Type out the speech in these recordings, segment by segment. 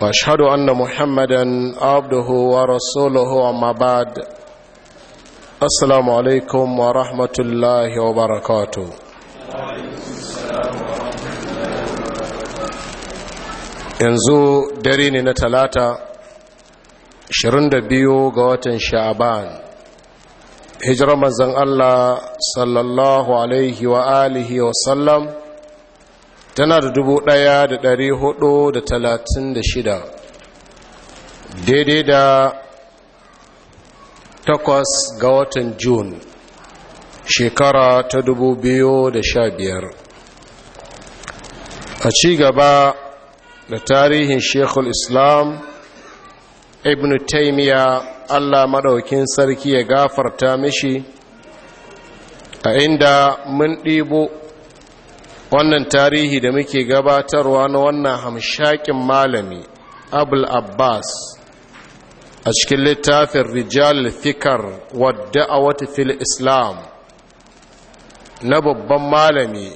واشهد ان محمدا عبده ورسوله اما بعد السلام عليكم ورحمه الله وبركاته yanzu dare ne na talata 22 ga watan sha'aban hijirar manzan allah sallallahu alaihi wa alihi wa sallam tana da dubu ɗaya da ɗari hudu da talatin da shida daidai da takwas ga watan Jun shekara ta dubu biyu da sha biyar a ci gaba da tarihin shekul islam ibn taimiyya allah maɗaukin sarki ya gafarta mishi a inda mun ɗibo wannan tarihi da muke gabatarwa na wannan hamshakin malami abul abbas a cikin littafin rijal fikar wadda a wata fil islam na babban malami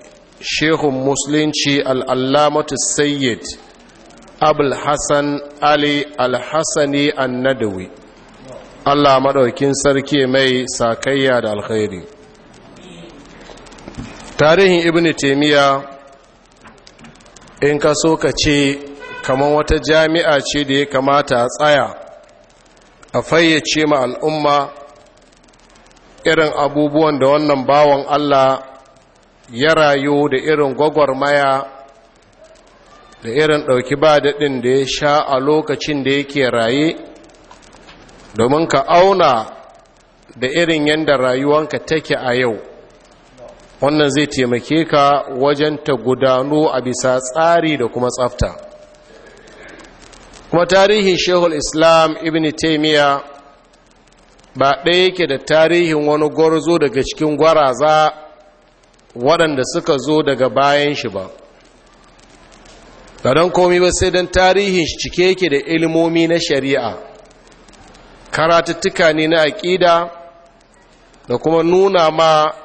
shehun musulunci al'allamatu sayyid abul hassan ali al-hassani annadawi allah maɗaukin sarki mai sakayya da alkhairi tarihin ibn taimiyya in ka so ka ce kamar wata jami'a ce da ya kamata a tsaya a fayyace ma al'umma irin abubuwan da wannan bawan allah ya rayu da irin gwagwarmaya da irin ɗauki ba daɗin da ya sha a lokacin da yake raye domin ka auna da irin yadda rayuwanka take a yau wannan zai taimake ka wajen ta gudano a bisa tsari da kuma tsafta kuma tarihin shehul islam ibn taimiyya ba ɗaya yake da tarihin wani gwarzo daga cikin gwaraza waɗanda suka zo daga bayan shi ba ba don komi ba sai don tarihin shi cike yake da ilmomi na shari'a karatattuka ne na aƙida da kuma nuna ma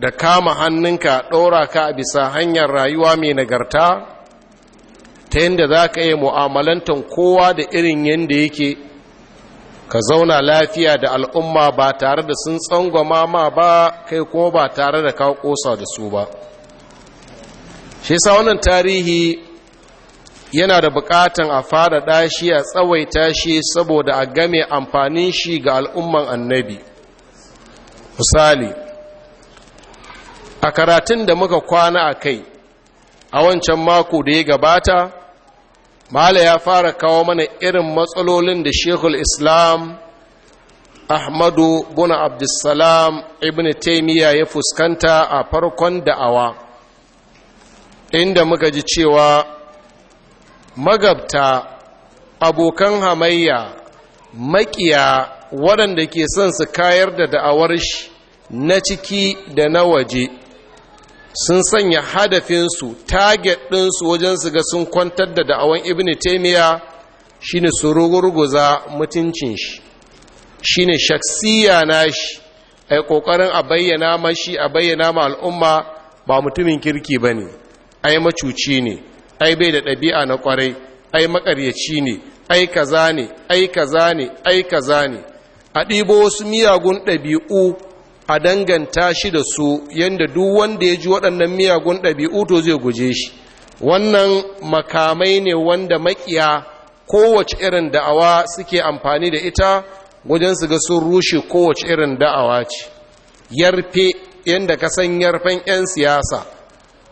da kama hannunka ɗora ka a bisa hanyar rayuwa mai nagarta ta yadda za ka yi mu'amalantar kowa da irin yadda yake ka zauna lafiya da al'umma ba tare da sun tsangwama ma ba kai ko ba tare da ka kosa da su ba shi sa wannan tarihi yana da bukatan a fara ɗashi a tsawaita shi saboda a game amfanin shi ga al'umman annabi misali a karatun da muka kwana a kai a wancan mako da ya gabata mala ya fara kawo mana irin matsalolin da shekul islam ahmadu buna abdulsalam ibn taimiyya ya fuskanta a farkon da'awa inda muka ji cewa magabta abokan hamayya makiya waɗanda ke son su kayar da da'awar shi na ciki da na waje sun sanya hadafinsu target ɗinsu wajen su ga sun kwantar da da'awan ibn taimiyya shine su rugurguza mutuncin shi shine shaksiya na shi ai kokarin a bayyana mashi a bayyana ma al'umma ba mutumin kirki ba ne ai macuci ne ai bai da ɗabi'a na kwarai ai makaryaci ne ai kaza ne ai kaza ne ai kaza ne a ɗibo wasu miyagun ɗabi'u a danganta shi da su yadda duk wanda ya ji waɗannan miyagun ɗabi'u to zai guje shi wannan makamai ne wanda makiya kowace irin da'awa suke amfani da ita wajen su ga sun rushe kowace irin da'awa ce yarfe yadda ka san yarfen 'yan siyasa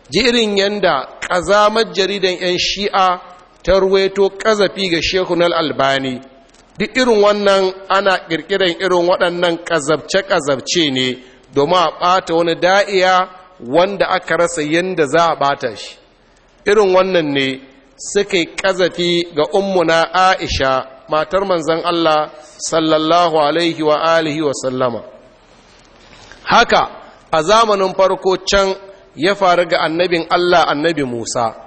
ji irin yadda ƙazamar jaridan 'yan shi'a ta ruwaito ƙazafi ga shekun albani duk irin wannan ana ƙirƙirar irin waɗannan ƙazabce-ƙazabce ne domin a ɓata wani da'iya wanda aka rasa yadda za a ɓata shi irin wannan ne suka yi ƙazafi ga ummuna aisha matar manzan allah sallallahu alaihi wa alihi wa sallama haka a zamanin farko can ya faru ga annabin allah annabi musa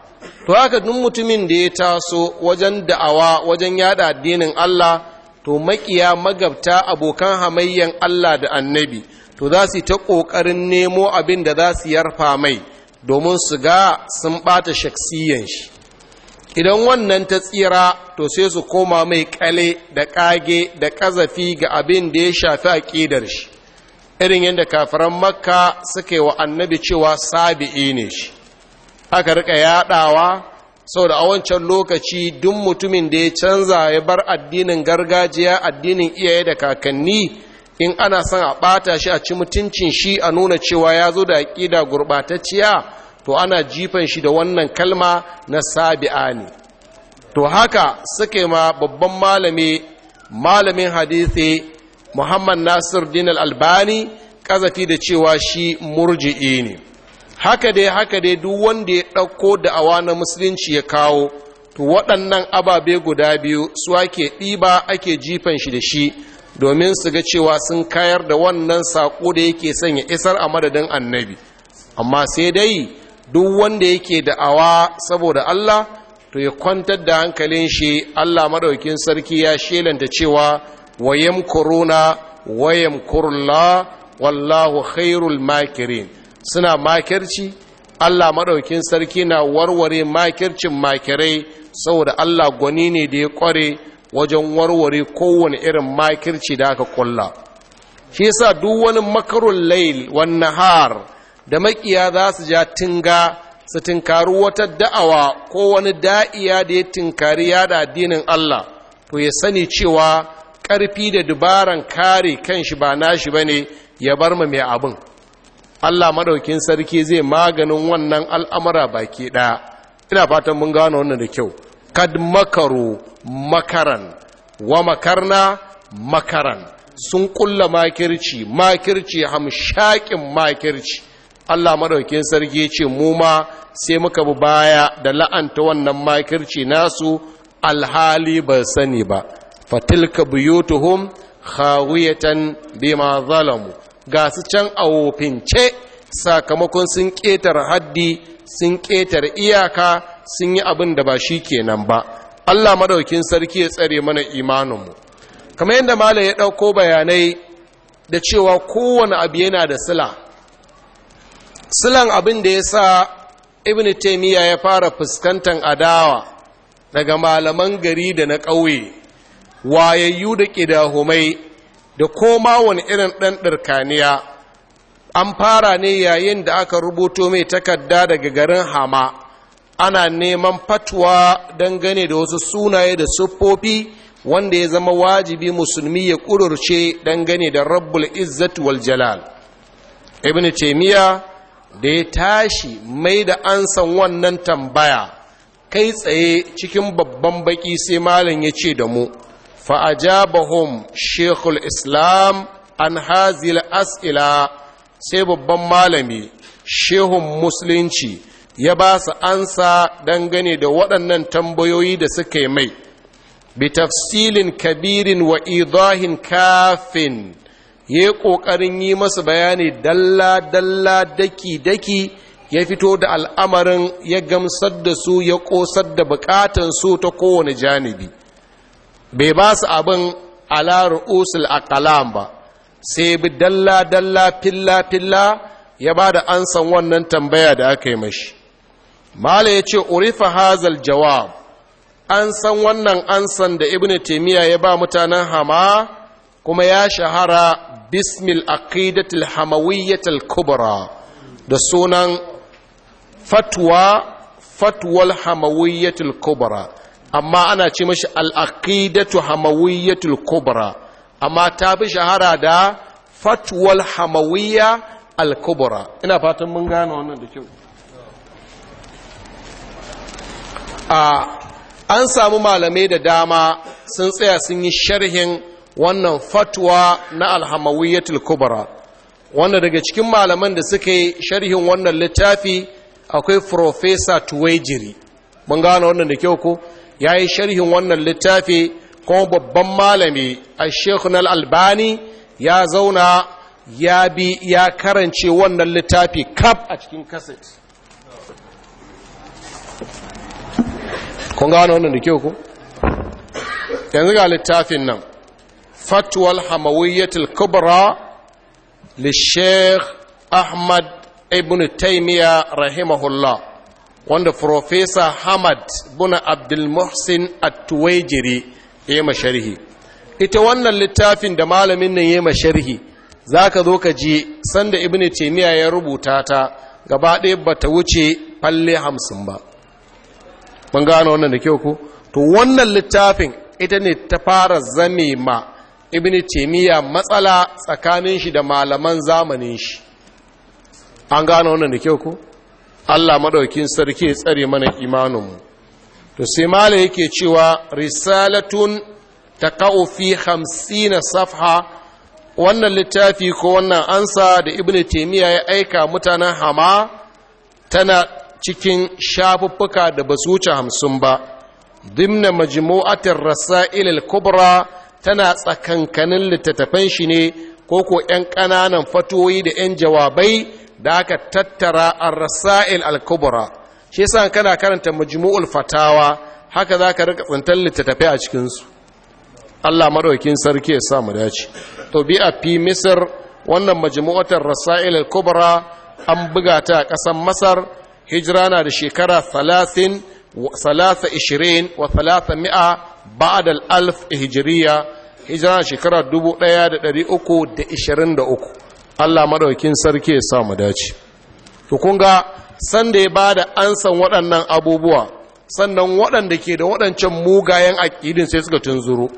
to haka duk mutumin da ya taso wajen da'awa wajen yada addinin Allah to makiya magabta abokan hamayyan Allah da annabi to za su ta ƙoƙarin nemo abin da za su yarfa mai domin su ga sun ɓata shaksiyan shi idan wannan ta tsira to sai su koma mai ƙale da ƙage da ƙazafi ga abin da ya shafi aƙidar shi irin yadda kafiran makka suka yi wa annabi cewa sabi'i ne shi aka rika yadawa saboda a wancan lokaci duk mutumin da ya canza ya bar addinin gargajiya addinin iyaye da kakanni in ana son a ɓata shi a ci mutuncin shi a nuna cewa ya zo da aƙida gurɓatacciya to ana jifan shi da wannan kalma na sabi'a ne to haka suke ma babban malami malamin hadisi muhammad nasir din al-albani ƙazafi da cewa shi murji'i ne haka dai haka dai duk wanda ya ɗauko da'awa na musulunci ya kawo to waɗannan ababe guda biyu su ake ɗiba ake jifan shi da shi domin su ga cewa sun kayar da wannan saƙo da yake son ya isar a madadin annabi amma sai dai duk wanda yake da'awa saboda Allah to ya kwantar da hankalin shi Allah maɗaukin sarki ya shelanta cewa wayam korona wayam kurla wallahu khairul makirin suna makirci Allah maɗaukin sarki na warware makircin makirai saboda Allah gwani ne da ya ƙware wajen warware kowane irin makirci da aka ƙulla shi yasa duk wani makarun lail wan nahar da makiya za su ja tinga su tinkari wata da'awa ko wani da'iya da ya tinkari yada addinin Allah to ya sani cewa ƙarfi da dubaran kare kanshi ba nashi bane ya bar ma mai abin Allah madaukin sarki zai maganin wannan al'amura baki ɗaya ina fatan mun gano wannan da kyau kad makaru makaran wa makarna makaran sun kulla makirci makirci hamshakin makirci Allah madaukin sarki ce mu ma sai muka bi baya da la'anta wannan makirci nasu alhali ba sani ba fatilka buyutuhum khawiyatan bima zalamu ga su can a wofince sakamakon sun ƙetare haddi sun ƙetare iyaka sun yi abin da ba shi ke nan ba allah madaukin sarki ya tsare mana imaninmu kamar yadda mala ya ɗauko bayanai da cewa kowane abu yana da sila silan abin da ya sa ibn taimiyya ya fara fuskantar adawa daga malaman gari da na ƙauye wayayyu da ƙidahumai da koma wani irin ɗan ɗirkaniya an fara ne yayin da aka rubuto mai takarda daga garin hama ana neman fatwa dangane da wasu sunaye da siffofi wanda ya zama wajibi musulmi ya ƙudurce dangane da rabbul izzat wal jalal ibn taimiyya da ya tashi mai da ansan wannan tambaya kai tsaye cikin babban baki sai malam ya ce da mu fa'ajabahum shekul islam an hazil as'ila sai babban malami shehun musulunci ya ba su ansa dangane da waɗannan tambayoyi da suka mai bi tafsilin kabirin wa kafin ya yi ƙoƙarin yi masu bayani dalla-dalla daki-daki ya fito da al'amarin ya gamsar da su ya ƙosar da bukatansu ta kowane janibi. bai ba su abin usul usul aqlam ba sai bi dalla dalla filla filla ya ba da ansan wannan tambaya da aka yi mashi mala ya ce urifa hazal jawab an san wannan ansan da ibn taimiyya ya ba mutanen hama kuma ya shahara bismil aqidatul hamawiyyatul kubra da sunan fatwa fatwal hamawiyyatul kubra amma ana ce mashi alaƙidatu hamawiyyatul kubra amma ta fi shahara da fatuwal hamawiyya al-kubra ina fatan mun gane wannan da kyau a an samu malamai da dama sun tsaya sun yi sharhin wannan fatwa na alhamawiyyatul kubra wanda daga cikin malaman da suka yi sharhin wannan littafi akwai Profesa jiri. mun gane wannan da kyau ko ya yi sharhin wannan littafi kuma babban malami a shekuna albani ya zauna ya bi ya karance wannan littafi kaf a cikin kaset kun gano wannan da kyau ku yanzu ga littafin nan fatwal hamawiyyatul kubra li sheikh ahmad ibn taimiyya rahimahullah wanda Profesa Hamad Buna muhsin At-Tuwaijiri ya ma sharhi. Ita wannan littafin da malamin nan ya ma sharhi, za ka zo ka ji sanda Ibn Taimiyya ya rubuta ta gaba ɗaya ba ta wuce falle hamsin ba. Mun gano wannan da kyau ku? To wannan littafin ita ne ta fara zame ma Ibn Taimiyya matsala tsakanin shi da malaman zamanin shi. An gano wannan da kyau ku? Allah maɗaukin sarki ya tsare mana imaninmu to sai mala yake cewa risalatun taqa'u fi 50 safha wannan littafi ko wannan ansa da ibnu taymiya ya aika mutanen hama tana cikin shafuffuka da basu wuce hamsin ba dimna majmu'atir rasail al-kubra tana tsakankanin littattafan shi ne koko 'yan ƙananan fatoyi da 'yan jawabai da aka tattara a rasail al-kubra shi yasa kana karanta majmu'ul fatawa haka zaka rika tsantar littattafai a cikin su Allah madaukin sarki ya sa mu dace to bi a fi misr wannan majmu'atar rasail al-kubra an buga ta a kasan masar Hijra na da shekara 30 wa 300 ba'da da alf hijriya hijira shekara 1323 Allah madaukin sarki ya sa mu dace to kun ga san da ya bada ansan waɗannan abubuwa sannan waɗanda ke da waɗancan mugayen aƙidin sai suka tunzuro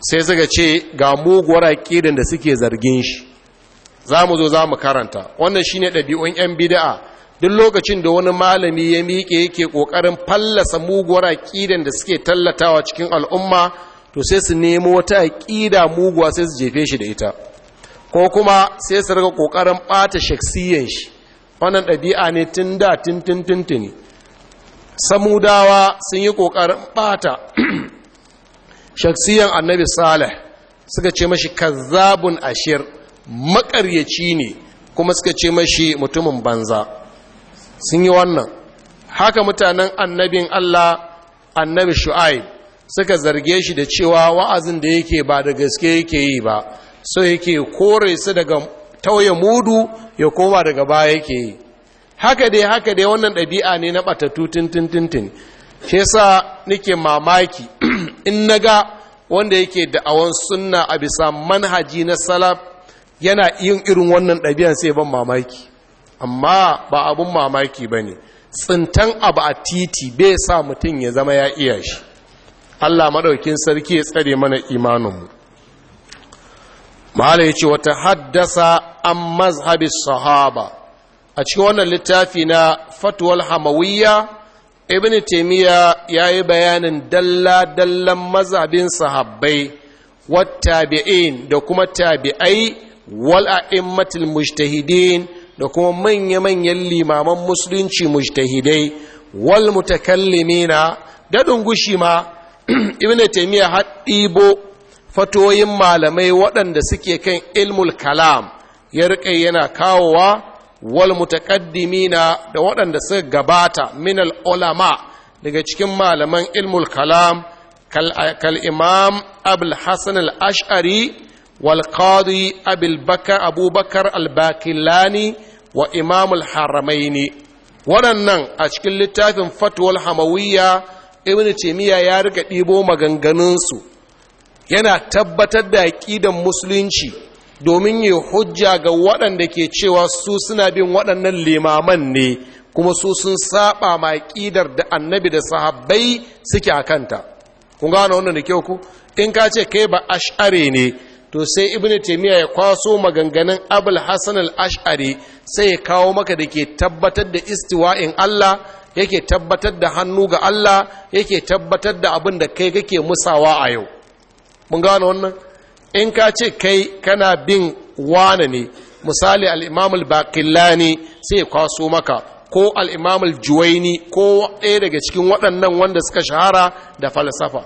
sai suka ce ga muguwar aƙidin da suke zargin shi za mu zo za mu karanta wannan shine ɗabi'un 'yan bida'a duk lokacin da wani malami ya miƙe yake ƙoƙarin fallasa muguwar aƙidan da suke tallatawa cikin al'umma to sai su nemo wata aƙida muguwa sai su jefe shi da ita ko kuma sai su riga kokarin bata shaksiyan shi wannan ɗabi'a ne tun da tuntuntuntuni samudawa sun yi kokarin bata shaksiyan annabi salih suka ce mashi kazzabun ashir makaryaci ne kuma suka ce mashi mutumin banza sun yi wannan haka mutanen annabin allah annabi shu'aib suka zarge shi da cewa wa'azin da yake ba da gaske yake yi ba so yake kore su daga tauye mudu ya koma daga baya yake yi haka dai haka dai wannan ɗabi'a ne na ɓatattu tintintintin ke sa nake mamaki in na ga wanda yake da'awan sunna a bisa manhaji na salaf yana yin irin wannan ɗabi'an sai ban mamaki amma ba abin mamaki ba ne tsintan abu a titi bai sa mutum ya zama ya iya shi allah maɗaukin sarki ya tsare mana imaninmu mahala ya ce wata haddasa an mazhabi sahaba a cikin wannan littafi na fatuwal hamawiyya ibn taimiyya ya yi bayanin dalla-dallan mazhabin sahabbai wattabi'in da kuma tabi'ai wal matil mujtahidin da kuma manya-manyan limaman musulunci mujtahidai wal mutakallimina da dungushi ma ibn taimiyya haɗibo fatoyin malamai waɗanda suke kan ilmul kalam ya riƙe yana kawowa wal mutaqaddimina da waɗanda suka gabata minal ulama daga cikin malaman ilmul kalam kal imam abul hasan al ash'ari wal qadi abul bakar abubakar al wa imamul al haramaini waɗannan a cikin littafin fatwal hamawiyya ibn taymiya ya riga ɗibo maganganunsu yana tabbatar da aƙidan musulunci domin yi hujja ga waɗanda ke cewa su suna bin waɗannan limaman ne kuma su sun saba ma aƙidar da annabi da sahabbai suke a kanta kun gano wannan da kyau ku in ka ce kai ba ash'are ne to sai ibnu taymiya ya kwaso maganganun abul hasan al ash'ari sai ya kawo maka da ke tabbatar da istiwa'in Allah yake tabbatar da hannu ga Allah yake tabbatar da abin da kai kake musawa a yau mun gano wannan in ka ce kai kana bin wane ne misali al’imamul bakilani sai kwaso maka ko al’imamul juwaini ko ɗaya daga cikin waɗannan wanda suka shahara da falsafa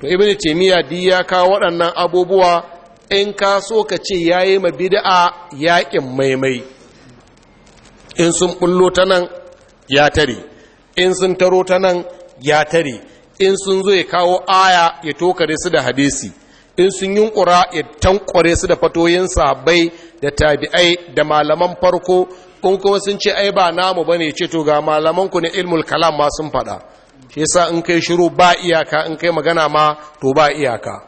to ibnu taymiya di ya kawo waɗannan abubuwa in ka so ka ce ya yi ma bid'a yaƙin maimai in sun ɓullo ta nan ya tare in sun taro ta nan ya tare in sun zo ya kawo aya ya tokare su da hadisi in sun yunkura ya tankware su da fatoyin sabai da tabi'ai da malaman farko in kuma sun ce ai ba namu bane ce to ga malaman ku na ilmul kalam ma sun faɗa shi yasa in kai shiru ba iyaka in kai magana ma to ba iyaka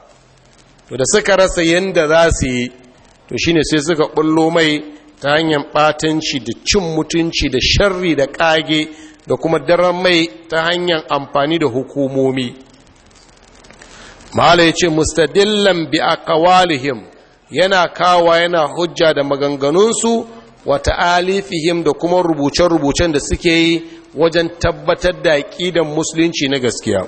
to da suka rasa yanda za su yi to shine sai suka bullo mai ta hanyar batanci da cin mutunci da sharri da ƙage. da kuma daren mai ta hanyar amfani da hukumomi mahala ya ce mustadillan bi aqwalihim yana kawa yana hujja da maganganunsu wa ta'alifihim da kuma rubuce-rubucen da suke yi wajen tabbatar da ƙidan musulunci na gaskiya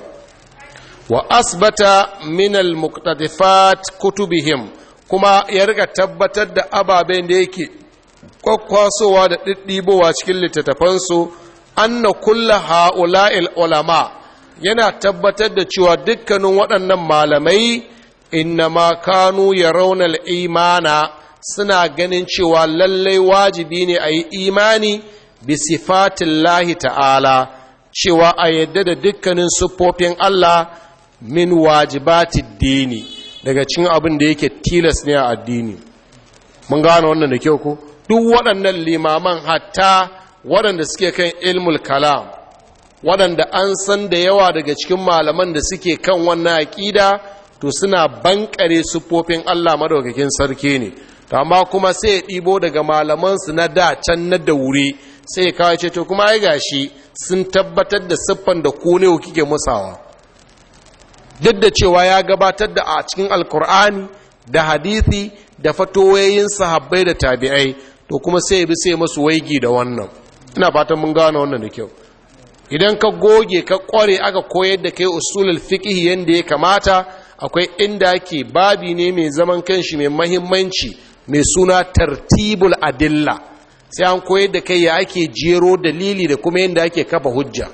wa asbata Minal al kutubihim kuma ya riga tabbatar da ababen da yake kwakwasowa da ɗiɗɗibowa cikin littattafansu anna kulla ha'ula'il ulama yana tabbatar da cewa dukkanin waɗannan malamai ma kanu ya raunar imana suna ganin cewa lallai wajibi ne a yi imani bi sifatin lahi ta'ala cewa a yadda da dukkanin siffofin Allah min wajibati dini daga cin abin da yake tilas ne a addini mun gane wannan da kyau ko duk waɗannan limaman hatta waɗanda suke kan ilmul kalam waɗanda an san da yawa daga cikin malaman da suke kan wannan aƙida to suna bankare siffofin Allah madaukakin sarki ne to amma kuma sai ya ɗibo daga malamansu na da can na da wuri sai ya kawo ce to kuma ai gashi sun tabbatar da siffan da ku ne kike musawa duk da cewa ya gabatar da a cikin alkur'ani da hadisi da fatoyoyin sahabbai da tabi'ai to kuma sai ya bi sai masu waigi da wannan ina fatan mun gane wannan da kyau idan ka goge ka kware aka koyar da kai usulul fiqh yanda ya kamata akwai inda ake babi ne mai zaman kanshi mai mahimmanci mai suna tartibul adilla sai an koyar da kai ya ake jero dalili da kuma yanda ake kafa hujja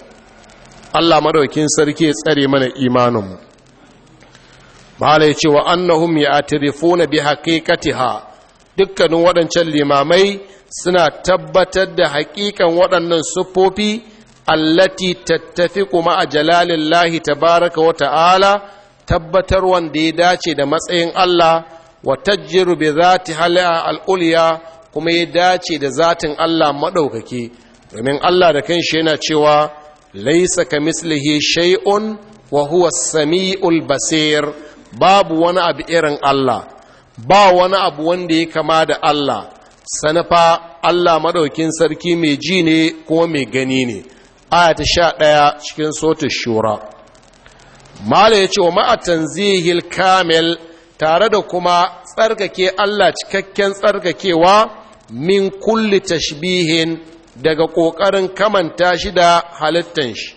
Allah madaukin sarki ya tsare mana imanin mu mala ya ce wa annahum ya'tarifuna bi haqiqatiha dukkanin waɗancan limamai suna tabbatar da haƙiƙan waɗannan siffofi allati tattafi kuma a jalalin ta baraka wa ta'ala tabbatar wanda ya dace da matsayin Allah wa tajjiru bi zati hal'a al'ulya kuma ya dace da zatin Allah maɗaukaki domin Allah da kanshi yana cewa laisa ka mislihi shay'un wa huwa samiul basir babu wani abu irin Allah ba wani abu wanda ya kama da Allah sanafa Allah maɗaukin sarki mai ji ne ko mai gani ne aya ta sha ɗaya cikin sota shura mala ya ce wa ma'atan zihil kamil tare da kuma tsarkake Allah cikakken tsarkakewa min kulli tashbihin daga ƙoƙarin kamanta shi da halittan shi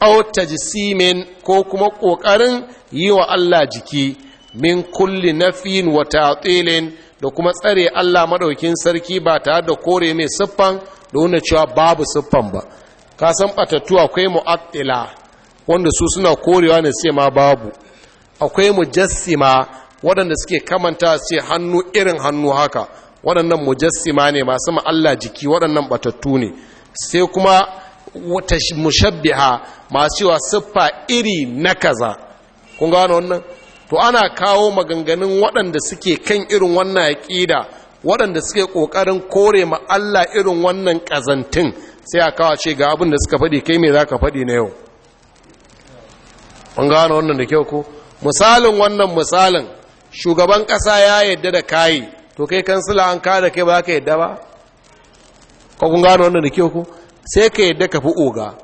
au tajsimin ko kuma ƙoƙarin yi wa Allah jiki min kulli nafin wata tselen. da kuma tsare Allah madaukin sarki ba tare da kore mai siffan da wanda cewa babu siffan ba ka san batattu akwai mu'attila wanda su suna korewa ne sai ma babu akwai mujassima waɗanda suke kamanta sai hannu irin hannu haka waɗannan mujassima ne masu Allah jiki waɗannan batattu ne sai kuma wata mushabbiha masu yawa siffa iri na kaza kun gano wannan to ana kawo maganganun waɗanda suke kan irin wannan aƙida waɗanda suke ƙoƙarin kore ma Allah irin wannan ƙazantin sai a kawo ce ga abin da suka faɗi kai me za ka faɗi na yau an gano wannan da kyau ko misalin wannan misalin shugaban ƙasa ya yadda da kayi to kai kansila an ka da kai ba ka yadda ba ko kun gano wannan da kyau ko sai ka yadda ka fi oga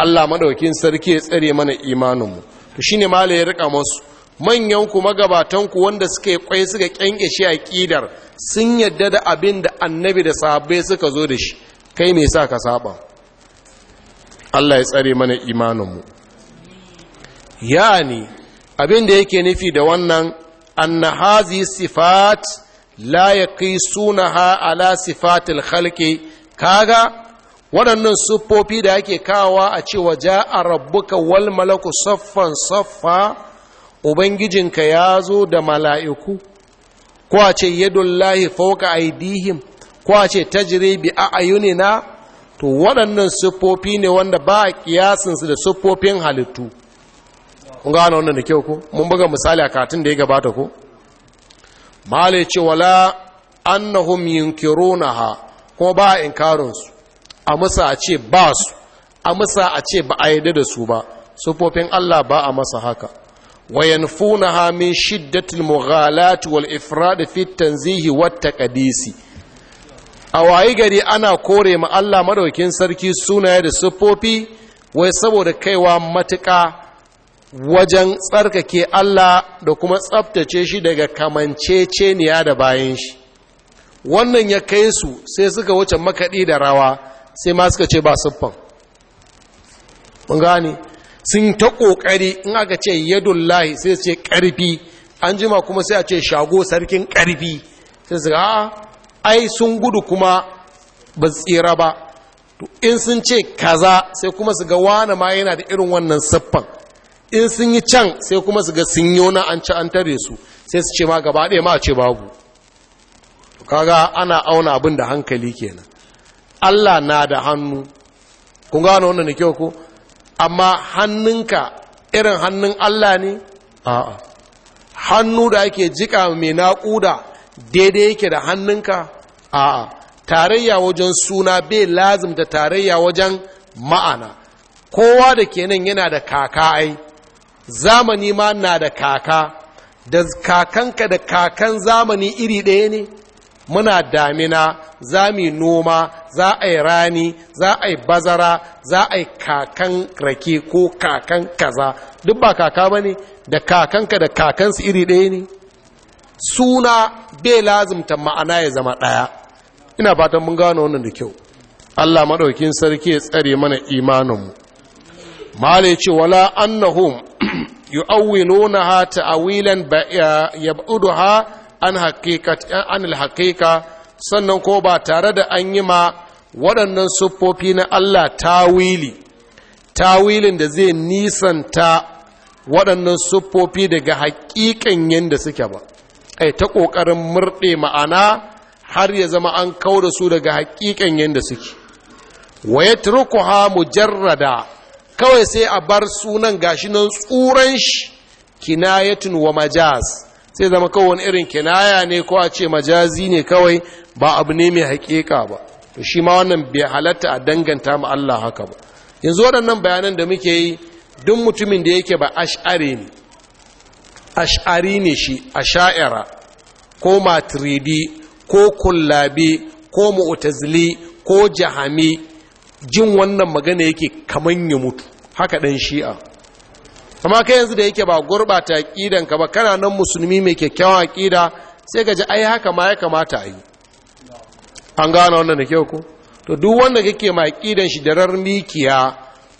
Allah madaukin sarki ya tsare mana imaninmu to shine mala ya rika masu manyanku magabatanku wanda suka kwai suka kyankyashe a kidar sun yadda da abin da annabi da sahabbai suka zo da shi kai me sa ka saba Allah ya tsare mana imaninmu yani abin da yake nufi da wannan anna hazi sifat la yaqisunaha ala sifatil khalqi kaga waɗannan siffofi da ake kawa a cewa ja'a rabbuka wal malaku saffan saffa ubangijinka ya zo da mala'iku ko a ce yadullahi fauka aidihim ko a ce bi a na? to waɗannan siffofi ne wanda ba a kiyasinsu da siffofin halittu kun gano wannan da kyau ko mun buga misali a katin da ya gabata ko malai ce wala annahum ha, ko ba a su a musa a ce ba su a musa a ce ba a yi da su ba siffofin Allah ba a masa haka wa yanfunaha min shiddatil mughalat wal ifrad fi tanzihi wat taqdisi a wayi gari ana kore ma Allah madaukin sarki sunaye da siffofi wai saboda kaiwa matuka wajen tsarkake Allah da kuma tsaftace shi daga kamanceceniya da bayan shi wannan ya kai su sai suka wuce makaɗi da rawa sai ma suka ce ba siffan sun ta ƙoƙari in aka ce yadullahi sai ce ƙarfi an jima kuma sai a ce shago sarkin ƙarfi sai su ga ah, ai sun gudu kuma ba tsira ba in sun ce kaza sai kuma su ga wane ma yana da irin wannan siffan in sun yi can sai kuma su ga sun yi wani an ci an tare su sai su ce ma gaba ɗaya ma a ce babu kaga ana auna abin da hankali kenan Allah na da hannu kun gano wannan da kyau ko amma hannunka irin hannun Allah ne a'a hannu da ake jika mai naƙuda daidai yake da hannunka a'a tarayya wajen suna bai lazim da tarayya wajen ma'ana kowa da kenan yana da kaka ai zamani ma na da kaka da kakanka da kakan zamani iri ɗaya ne muna damina za mu noma za a yi rani za a yi bazara za a yi kakan rake ko kakan kaza duk ba kaka ba ne da kakanka da kakansu iri ɗaya ne suna bai lazimta ma'ana ya zama ɗaya ina fatan mun gano wannan da kyau Allah maɗaukin sarki ya tsare mana imaninmu ya ce wala annahum ha ta'awilan ya ha? an hakika sannan ko ba tare da an yi ma waɗannan siffofi na Allah tawili tawilin da zai nisanta waɗannan siffofi daga haƙiƙan yadda suke ba ai ta ƙoƙarin murɗe ma'ana har ya zama an kau da su daga haƙiƙan yadda suke wa ya turkuha mujarrada kawai sai a bar sunan gashinan tsuran shi kinayatun wa majaz sai zama kawon wani irin kinaya ne ko a ce majazi ne kawai ba abu ne mai haƙiƙa ba to shi ma wannan bai halatta a danganta ma Allah haka ba yanzu waɗannan bayanan da muke yi duk mutumin da yake ba ash'ari ne ash'ari ne shi asha'ira ko matridi ko kullabi ko mu'tazili ko jahami jin wannan magana yake kaman ya mutu haka ɗan shi'a amma kai yanzu da yake ba gurbata aqidan ka ba kana nan musulmi mai kyakkyawan aqida sai ka ji ai haka ma ya kamata a yi an gano wannan da kyau ku to duk wanda kake ma aqidan shi darar mikiya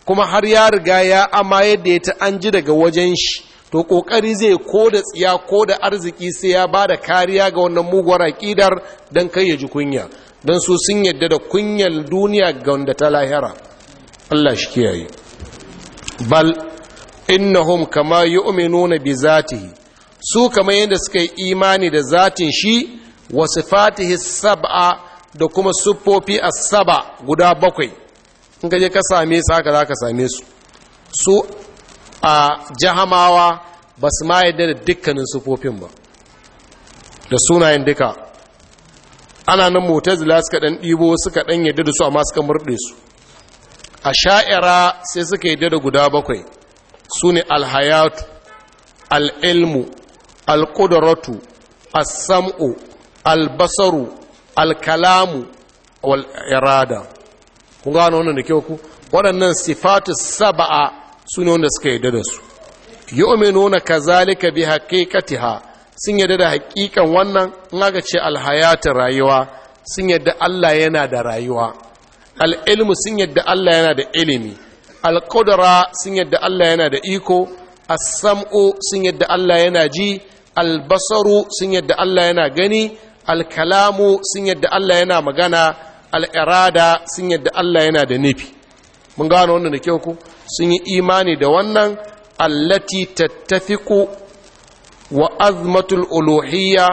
kuma har ya riga ya amma yadda ya ta an ji daga wajen shi to kokari zai ko da tsiya ko da arziki sai ya bada kariya ga wannan muguwar aqidar dan kai ya ji kunya don su sun yadda da kunyar duniya ga wanda ta lahira Allah shi kiyaye bal innahum kama yu'minuna bi zatihi su kamar yadda suka yi imani da zatin shi wa sifatihi sab'a da kuma sufofi as-saba guda bakwai in ka je ka same su haka zaka same su su a jahamawa ba su ma yadda da dukkanin sufofin ba da sunayen duka ana nan motar mutazila suka dan ɗibo suka dan yadda da su amma suka murɗe su a sha'ira sai suka yadda da guda bakwai Sune alhayatu al'ilmu alƙudaratu assam'u albasaru alkalamu wal'irada ku gano wannan da kyau ku waɗannan sifatu saba'a su ne wanda suka yadda da su na kazalika bi haqiqatiha sun yadda da haƙiƙan wannan in aka ce alhayatu rayuwa sun yadda Allah yana da rayuwa al'ilmu sun yadda Allah yana da ilimi alƙudura sun yadda Allah yana da iko asamu sun yadda Allah yana ji albasaru sun yadda Allah yana gani alkalamu sun yadda Allah yana magana al'irada sun yadda Allah yana da nufi mun gano wannan da kyau ku sun yi imani da wannan allati tattafiku wa azmatul uluhiyya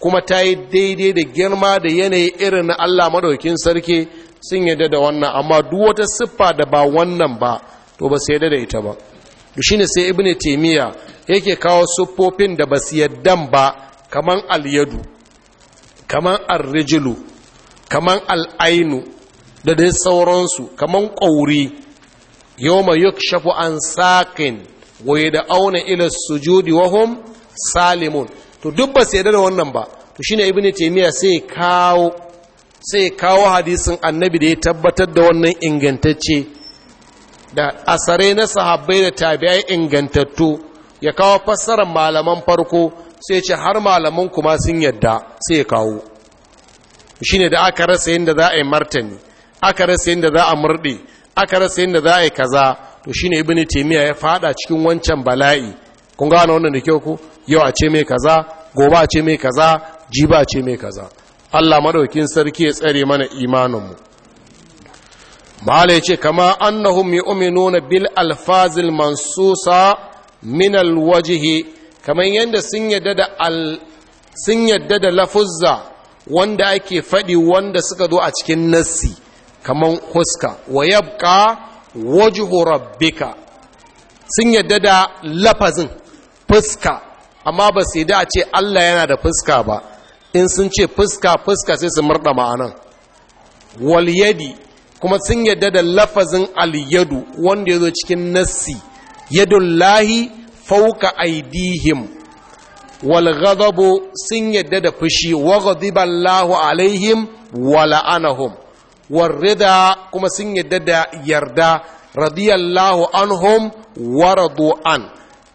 kuma ta yi daidai da girma da yanayi irin na Allah madaukin sarki sun yadda da wannan amma duk wata siffa da ba wannan ba to ba su yadda da ita ba Shin ne sai ibn taimiyya yake kawo siffofin da ba su yadda ba kaman alyadu kamar kaman ar kaman al-ainu da dai sauransu kaman ƙauri yawma yukshafu an saqin wa Auna, ila sujudi wa hum salimun to duk ba su yadda da wannan ba to shine Ibn taimiyya sai kawo sai kawo hadisin annabi da ya tabbatar da wannan ingantacce da asare na sahabbai da tabi'ai ingantattu ya kawo fassarar malaman farko sai ce har malaman kuma sun yadda sai ya kawo shi ne da aka rasa yin da za a yi martani aka rasa yin da za a murɗe aka rasa yin da za a yi kaza to shi ne ibini taimiyya ya fada cikin wancan bala'i kun gano wannan da kyau ku yau a ce mai kaza gobe a ce mai kaza jiba a ce mai kaza Allah madaukin sarki ya tsare mana imaninmu mala ya ce kama annahum yu'minuna bil alfazil mansusa min alwajhi kamar yadda sun yadda da al sun yadda da lafuzza wanda ake faɗi wanda suka zo a cikin nassi kaman huska wa yabqa wajhu rabbika sun yadda da lafazin fuska amma ba su da a ce Allah yana da fuska ba in sun ce fuska fuska sai su murda ma'anan Walyadi kuma sun yadda da lafazin alyadu wanda ya zo cikin nassi yadullahi fauka aidihim wal sun yadda da fushi wa alaihim wa la'anahum war rida kuma sun yadda da yarda radiyallahu anhum wa radu an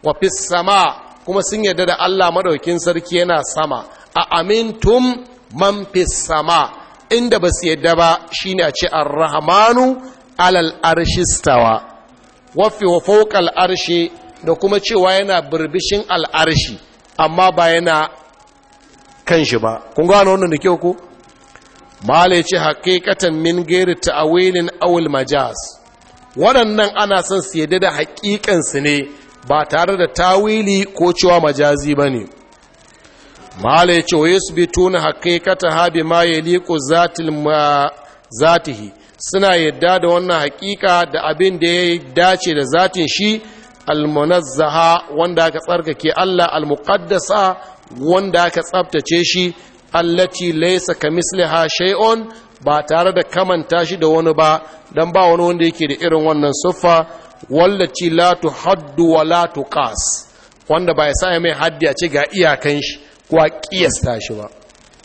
wa fis sama kuma sun yadda da Allah madaukin sarki yana sama a amintum man sama inda ba su yadda ba shine a ce ar alal arshistawa wafi wa fawqal arshi da kuma cewa yana birbishin al'arshi amma ba yana kan shi ba kun gano wannan da kyau ko mala ya ce hakikatan min gairi ta'awilin awul majas waɗannan ana son su yadda da hakikansu ne ba tare da tawili ko cewa majazi ba ne mahala ya ce wa yusbitu tuna haƙiƙata habi ma ya liƙo zatihi suna yadda da wannan hakika da abin da ya dace da zatin shi almunazzaha wanda aka tsarkake Allah almuqaddasa wanda aka tsabtace shi allati laysa kamisliha shay'un ba tare da kamanta shi da wani ba don ba wani wanda yake da irin wannan siffa wallati la tuhaddu wa la tuqas wanda ba ya sa ya mai haddi a ce ga iyakan shi kowa kiyasta shi ba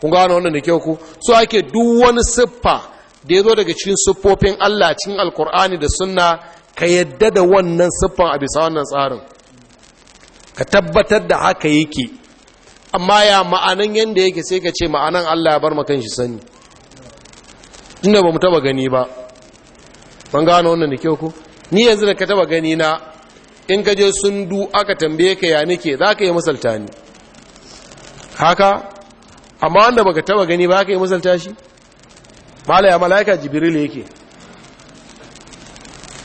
kun gano wannan da kyau ku so ake duk wani siffa da ya zo daga cikin siffofin Allah cikin alkur'ani da sunna ka yadda da wannan siffan a bisa wannan tsarin ka tabbatar da haka yake amma ya ma'anan yadda yake sai ka ce ma'anan Allah ya bar makan shi sani inda ba mu taba gani ba ban gano wannan da kyau ku ni yanzu da ka taba gani na in ka je sundu aka tambaye ka ya nake za ka yi masaltani. haka amma wanda baka taba gani ba haka yi misalta shi malaya malaika jibril yake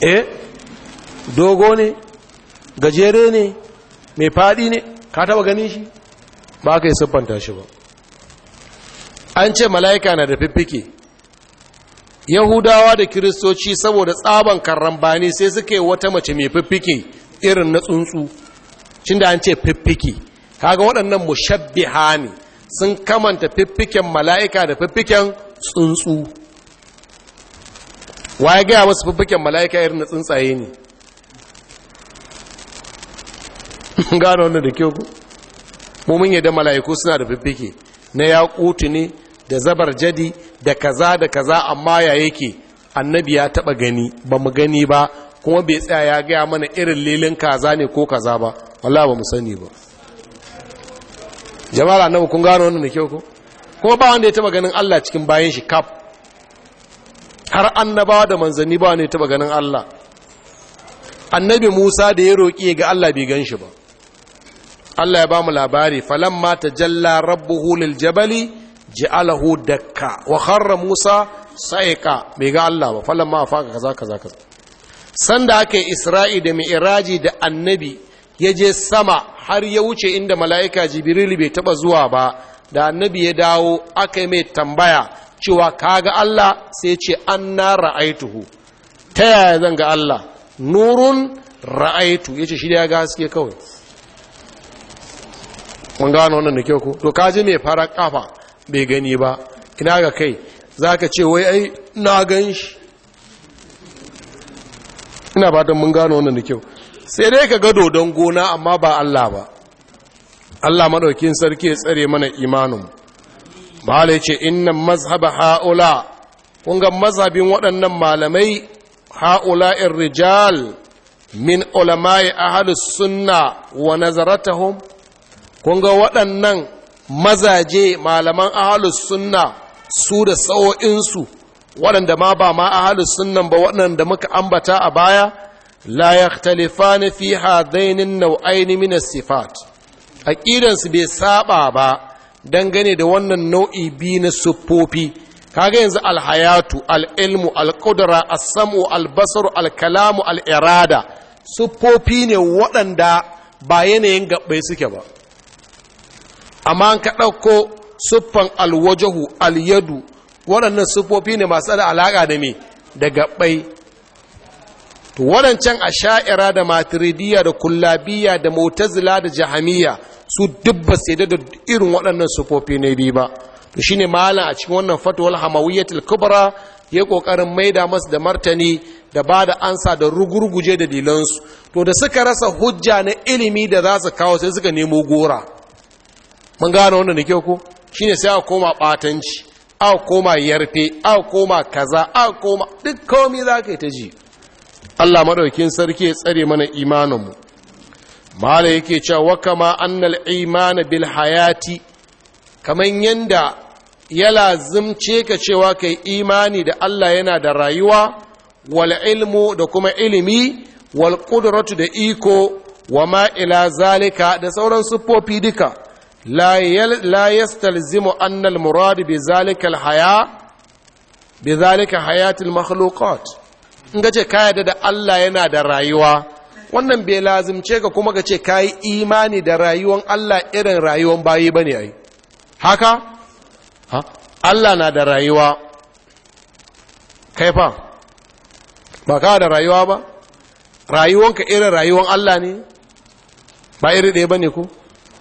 E, dogo ne gajere ne mai fadi ne ka taba gani shi ba ka yi siffanta shi ba an ce mala'ika na da fiffike yahudawa da kiristoci saboda tsaban karambani sai suke wata mace mai fiffike irin na tsuntsu cin da an ce fiffike kaga waɗannan mushabbiha ne sun kamanta fiffiken mala'ika da fiffiken tsuntsu Wa ya gaya masu fiffiken mala'ika irin na tsuntsaye ne gano wannan da kyau ku mumin yadda mala'iku suna da fiffike na ƙutu ne da zabar jadi da kaza da kaza amma ya yake annabi ya taɓa gani ba mu gani ba kuma bai tsaya ya gaya mana irin lilin kaza ne ko kaza ba Allah ba mu sani ba jama'ar annabi kun gano wannan da kyau ko kuma ba wanda ya taba ganin Allah cikin bayan shi kaf har annabawa da manzanni ba wanda ya taba ganin Allah annabi Musa da ya roƙi ga Allah bai gan shi ba Allah ya ba mu labari falamma tajalla rabbuhu lil jabali ja'alahu dakka wa kharra Musa sa'iqa bai ga Allah ba falamma afaka kaza kaza kaza sanda aka yi Isra'i da Mi'raji da annabi ya je sama har ya wuce inda mala'ika jibrilu bai taba zuwa ba da annabi ya dawo aka yi mai tambaya cewa kaga Allah sai ce an na ra'aituhu ta yaya zan ga Allah nurun ra'aitu ya ce shi da ya ga haske kawai mun gano wannan da kyau ko to kaji mai fara kafa bai gani ba ina ga kai za ka ce wai ai na gan shi ina ba don mun gano wannan da kyau sai dai ka gado don gona amma ba Allah ba Allah maɗaukin sarki ya tsare mana imanin malai ce innan mazhab ha'ula kun ga mazhabin waɗannan malamai ha'ula rijal min ulama'i ahlus sunna wa nazaratuhum kun ga waɗannan mazaje malaman ahlus sunna su da sa'o'insu waɗanda ma ba ma ahlus sunnan ba waɗanda muka ambata a baya la yakhtalifani fi hadainin nau'ain min as-sifat aqidan su bai saɓa ba dangane da wannan nau'i bi na siffofi kaga yanzu alhayatu alilmu alqudra as-sam'u albasaru alkalamu alirada siffofi ne waɗanda ba yanayin gaɓai suke ba amma an ka ɗauko siffan alwajahu alyadu waɗannan siffofi ne masu da alaƙa da me da gaɓai. to waɗancan shaira da Matiridiyya da kullabiya da motazila da jahamiya su dubba ba da irin waɗannan sufofi na biyu ba to shine malam a cikin wannan fatuwar hamawiyyatul kubra ya kokarin maida masu da martani da ba da ansa da rugurguje da dilansu to da suka rasa hujja na ilimi da za su kawo sai suka nemo gora mun gane wannan da kyau ko shine sai a koma batanci a koma yarfe a koma kaza a koma duk komai za ka yi ta ji Allah madaukin sarki ya tsare mana imaninmu mala yake cewa wa kama annal imanin bil hayati Kamar yanda ya lazimce ka cewa kai imani da Allah yana da rayuwa wal ilmu da kuma ilimi wal da iko wa ma ila zalika da sauran siffofi duka la yastalzimu annal muradu bi zalika al haya in ka ce ka yada da Allah yana da rayuwa wannan bai lazimce ka kuma ka ce ka yi imani da rayuwan Allah irin rayuwan bayi ba ne ai haka Allah na da rayuwa kaifa fa ba ka da rayuwa ba rayuwanka irin rayuwan Allah ne ba iri ɗaya ba ne ku?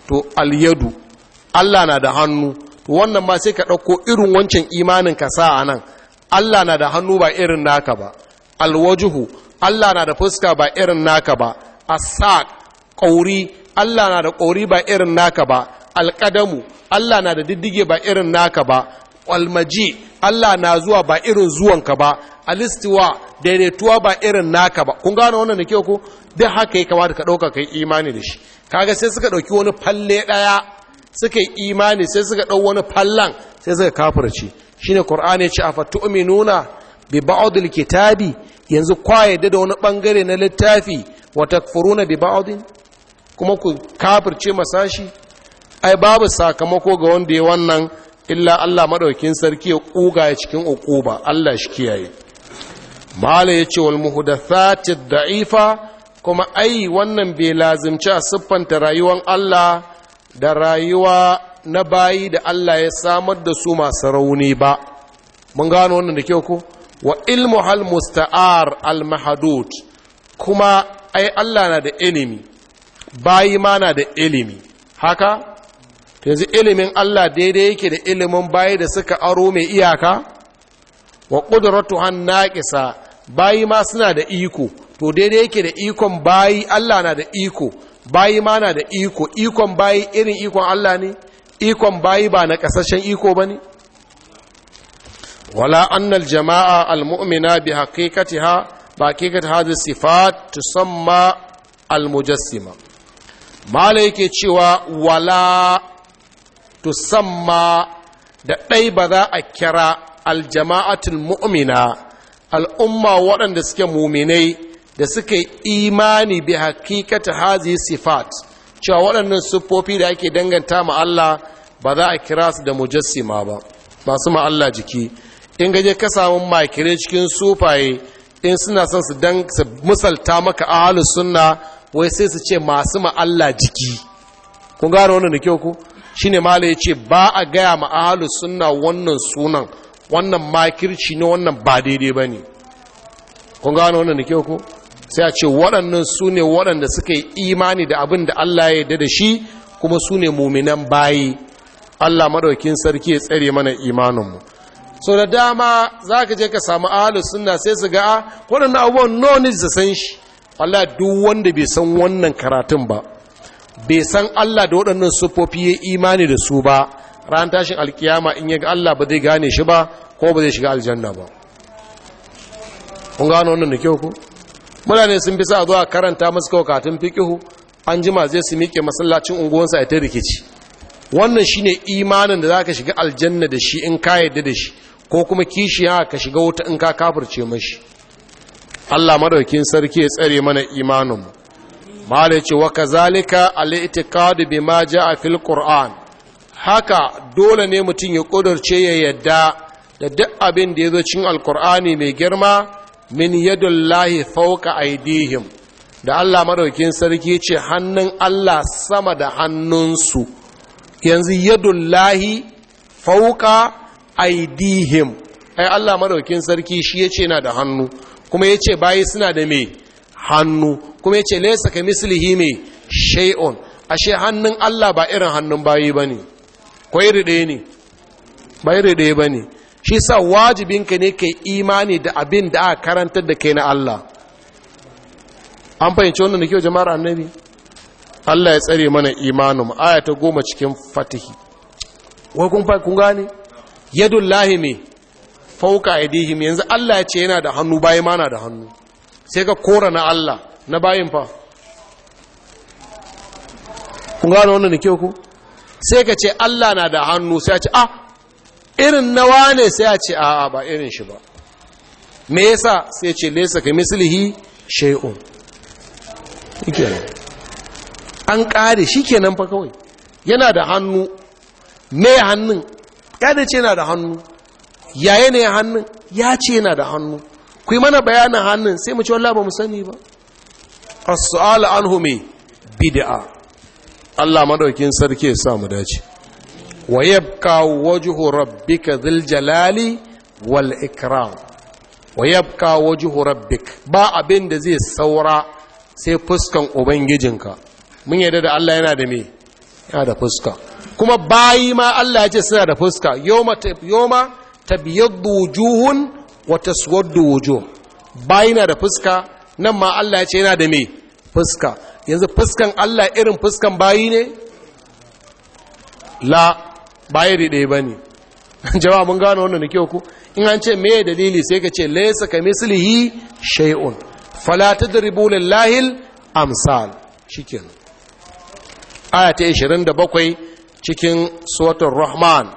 to alyadu Allah na da hannu wannan ma sai ka ɗauko irin wancan imanin ka sa a nan Allah na da hannu ba irin naka ba alwajuhu Allah na da fuska ba irin naka ba asaq ƙauri Allah na da ƙauri ba irin naka ba alƙadamu Allah na da diddige ba irin naka ba walmaji Allah na zuwa ba irin zuwanka ba alistiwa daidaituwa ba irin naka ba kun gano wannan da kyau ko duk haka yi kamata ka ɗauka kai imani da shi kaga sai suka ɗauki wani falle ɗaya suka yi imani sai suka ɗau wani fallan sai suka kafirci shine qur'ani ya ce afa tu'minuna bi ba'dil kitabi yanzu kwa yadda da wani bangare na littafi wa furuna bi ba'adin kuma ku kafirce masashi ai babu sakamako ga wanda ya wannan illa Allah madaukin sarki ya kuga ya cikin ukuba Allah shi kiyaye mala yace wal muhdathati da'ifa kuma ai wannan bai lazimci a siffanta rayuwar Allah da rayuwa na bayi da Allah ya samar da su masu rauni ba mun gano wannan da kyau ko wa ilmu hal musta'ar al mahadud kuma ai Allah na da ilimi bayi ma na da ilimi haka yanzu ilimin Allah daidai yake da ilimin bayi da suka aro mai iyaka wa qudratu han naqisa bayi ma suna da iko to daidai yake da ikon bayi Allah na da iko bayi ma na da iko ikon bayi irin ikon Allah ne ikon bayi ba na kasashen iko bane wala annal jama'a almu'mina bi haqiqatiha ba haqiqat hadhihi sifat tusamma almujassima malai yake cewa wala tusamma da ɗai ba za a kira aljama'atul mu'mina al'umma waɗanda suke muminai da suka yi imani bi hakikata hazi sifat cewa waɗannan siffofi da ake danganta ma Allah ba za a kira su da mujassima ba su ma Allah jiki in gaje ka samu makirai cikin sufaye in suna son su dan su misalta maka ahlus sunna wai sai su ce masu ma jiki kun gano wannan da kyau ku shine mala ya ce ba a gaya ma ahlus sunna wannan sunan wannan makirci ne wannan ba daidai ba ne kun gano wannan da kyau ku sai a ce waɗannan su ne waɗanda suka yi imani da abin da Allah ya yarda da shi kuma su ne muminan bayi Allah madaukin sarki ya tsare mana imaninmu sau da dama za ka je ka samu ahalus sunna sai su ga ah, waɗannan abubuwan nonis da san shi Allah duk wanda bai san wannan karatun ba bai san Allah da waɗannan sufofi ya imani da su ba ran tashin alkiyama in ga Allah ba zai gane shi ba ko ba zai shiga aljanna ba kun gano wannan da kyau ko mutane sun fi sa zuwa karanta musu kawakatun fikihu an jima zai su miƙe masallacin unguwansa a ta rikici wannan shine imanin da zaka shiga aljanna da shi in ka yarda da shi ko kuma kishiya ka shiga wuta in ka kafirce mashi Allah madaukin sarki ya tsare mana imanin mala wa kazalika al-i'tiqad bima ja'a fil qur'an haka dole ne mutum ya kudurce ya yadda da duk abin da yazo cikin alqur'ani mai girma min yadullahi fawqa aydihim da Allah madaukin sarki ce hannun Allah sama da hannunsu yanzu yadullahi fawqa aidihim ai Allah madaukin sarki shi yace yana da hannu kuma yace bayi suna da me hannu kuma yace laysa kamislihi me shay'un ashe hannun Allah ba irin hannun bayi bane ko iri ɗaya ne ba iri ɗaya bane shi sa wajibinka ne kai imani da abin da aka karantar da kai na Allah an fahimci wannan da kyau jama'ar annabi Allah ya tsare mana imanin aya goma cikin fatihi wai kun fa kun gane yadullahi me fauka aidihim yanzu Allah ya ce yana da hannu bayan ma na da hannu sai ka kora na Allah na bayan fa kun gano wannan nake ku sai ka ce Allah na da hannu sai ya ce ah irin nawa ne sai ya ce a'a ba irin shi ba me yasa sai ya ce laysa ka mislihi shay'un shikenan an kare shikenan fa kawai yana da hannu me hannun ya da ce na da hannu ya ne hannun ya ce na da hannu ku yi mana bayanin hannun sai mu ci wallah ba mu sani ba as-su'al anhu me bid'a Allah madaukin sarki ya sa mu dace wa yabqa wajhu rabbika dhil jalali wal ikram wa yabqa wajhu rabbik ba abin da zai saura sai fuskan ubangijinka mun yarda da Allah yana da me yana da fuska kuma bayi ma Allah ya ce suna da fuska yoma yoma tabyaddu wujuhun wa taswaddu wujuh bayi na da fuska nan ma Allah ya ce yana da me fuska yanzu fuskan Allah irin fuskan bayi ne la bayi da ɗaya bane jama'a mun gano wannan nake ku in an ce meye dalili sai ka ce laysa kamislihi shay'un fala tadribu lillahi amsal shikenan aya ta 27 cikin suwatar rahman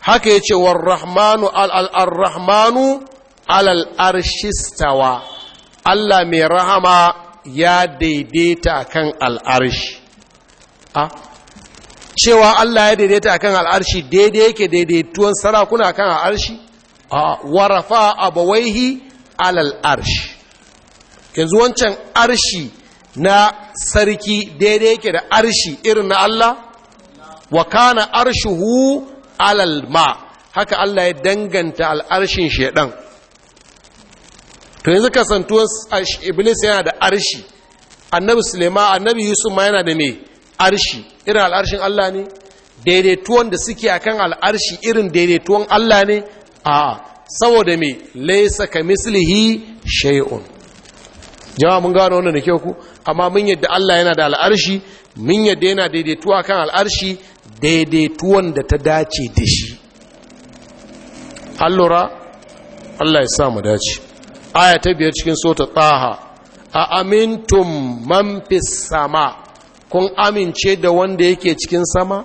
haka ya ce wa rahmanu al’arrahmanu alarshistawa alal stawa, Allah mai rahama ya daidaita kan al'arshi ah, cewa Allah ya daidaita kan al'arshi daidai yake daidaituwan sarakuna kan al'arshi a ah, warafa abawaihi alal yanzu wancan arshi na sarki daidai yake da arshi irin na Allah wa kana arshuhu alal ma haka Allah ya danganta al'arshin shedan to yanzu kasantuwar iblis yana da arshi annabi sulema annabi yusuf ma yana da me arshi irin al'arshin Allah ne daidaituwan da suke akan al'arshi irin daidaituwan Allah ne a saboda me laisa ka mislihi shay'un jama'a mun gano wannan da kyau ku amma mun yadda Allah yana da al'arshi mun yadda yana daidaituwa kan al'arshi daidaituwan da ta dace da shi allura Allah ya sa mu dace aya ta biyar cikin sota tsaha a amintum man sama kun amince da wanda yake cikin sama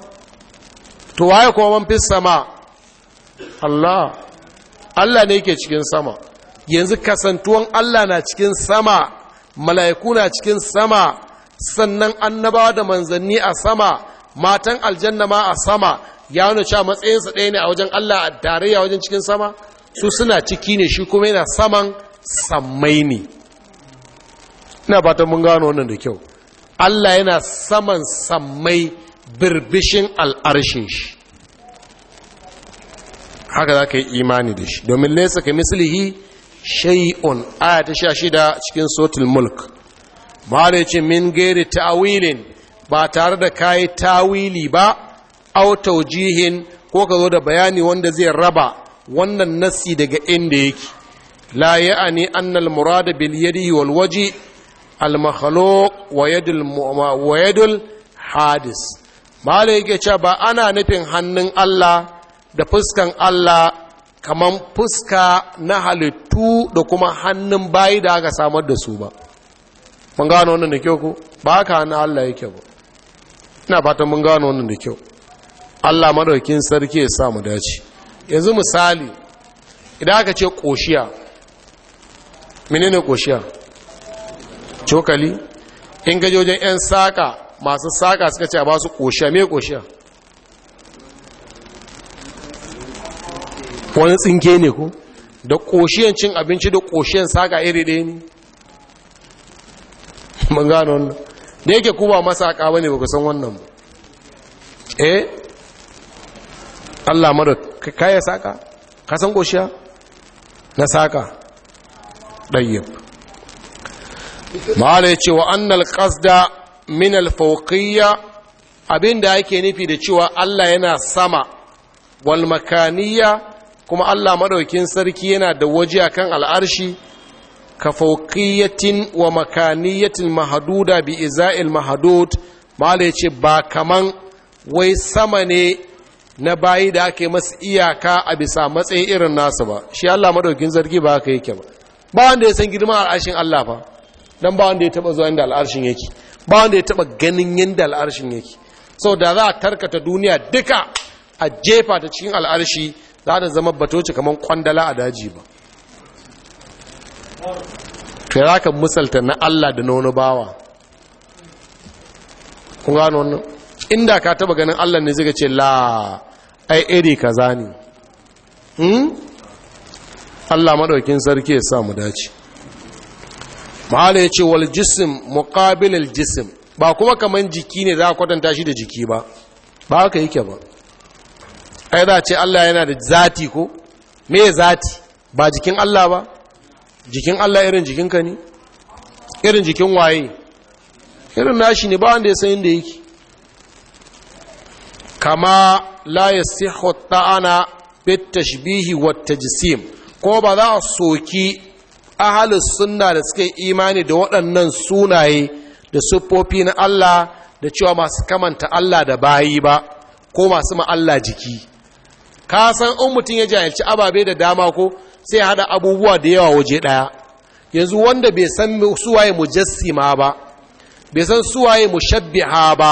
to waye kuma man sama Allah Allah ne yake cikin sama yanzu kasantuwan Allah na cikin sama mala'iku na cikin sama sannan annabawa da manzanni a sama matan aljanna ma a sama ya wani cewa matsayinsa ɗaya ne a wajen Allah a tarayya wajen cikin sama su suna ciki ne shi kuma yana saman sammai ne ina fatan mun gano wannan da kyau Allah yana saman sammai birbishin al'arshin shi haka za ka yi imani da shi domin nesa ka mislihi shay'un aya ta sha shida cikin sotul mulk mara ce min gairi ta'awilin ba tare da kayi tawili ba au taujihin ko ka zo da bayani wanda zai raba wannan nasi daga inda yake la ya'ani anna murada bil yadi wal waji al makhluq wa yadul wa yadul hadis mala yake cewa ba ana nufin hannun Allah da fuskan Allah kamar fuska na halittu da kuma hannun bayi da aka samar da su ba mun gano wannan da kyau ko ba haka hannun Allah yake ba ina fatan mun gano wannan da kyau Allah madaukin sarki ya sa mu dace yanzu misali idan aka ce koshiya menene koshiya cokali in gajojen 'yan saka masu saka suka ce a ba su koshiya me koshiya wani tsinke ne ko da ƙoshiyan cin abinci da ƙoshiyan saƙa iri ɗaya ne mun gano wannan da yake ku ba masaƙa ba ne ba kusan san wannan ba eh allah mara kaya saƙa ka san ƙoshiya na saƙa ɗayyab ma'ala ya ce wa annal ƙasda min alfauƙiyya abinda ake nufi da cewa allah yana sama walmakaniya kuma Allah madaukin sarki yana da waje akan al'arshi ka fauqiyatin wa makaniyatin mahaduda bi iza'il mahadud mala ce ba kaman wai sama ne na bayi da ake masu iyaka a bisa matsayin irin nasu ba shi Allah madaukin sarki ba ka yake ba ba wanda ya san girman al'arshin Allah fa dan ba wanda ya taba zuwa inda al'arshin yake ba wanda ya taba ganin yanda al'arshin yake sau da za a tarkata duniya duka a jefa ta cikin al'arshi za ta zama batoci kamar kwandala a daji ba to ya ka musalta na Allah da nono bawa kun gano wannan inda ka taba ganin Allah ne zai ce la ai iri kaza ne hmm Allah madaukin sarki ya sa mu dace mahala ya ce wal jisim muqabil jisim ba kuma kaman jiki ne za a kwatanta shi da jiki ba ba haka yake ba ai za a ce Allah yana da zati ko me zati ba jikin Allah ba jikin Allah irin jikinka ne irin jikin waye irin nashi ne ba wanda ya san inda yake kama la yasihu ta'ana bit tashbihi wat tajsim ko ba za a soki ahalus sunna da suka imani da waɗannan sunaye da siffofi na Allah da cewa masu kamanta Allah da bayi ba ko masu ma Allah jiki ka san in mutum ya jahilci ababe da dama ko sai hada abubuwa da yawa waje daya yanzu wanda bai san suwaye mujassima ba bai san suwaye mushabbiha ba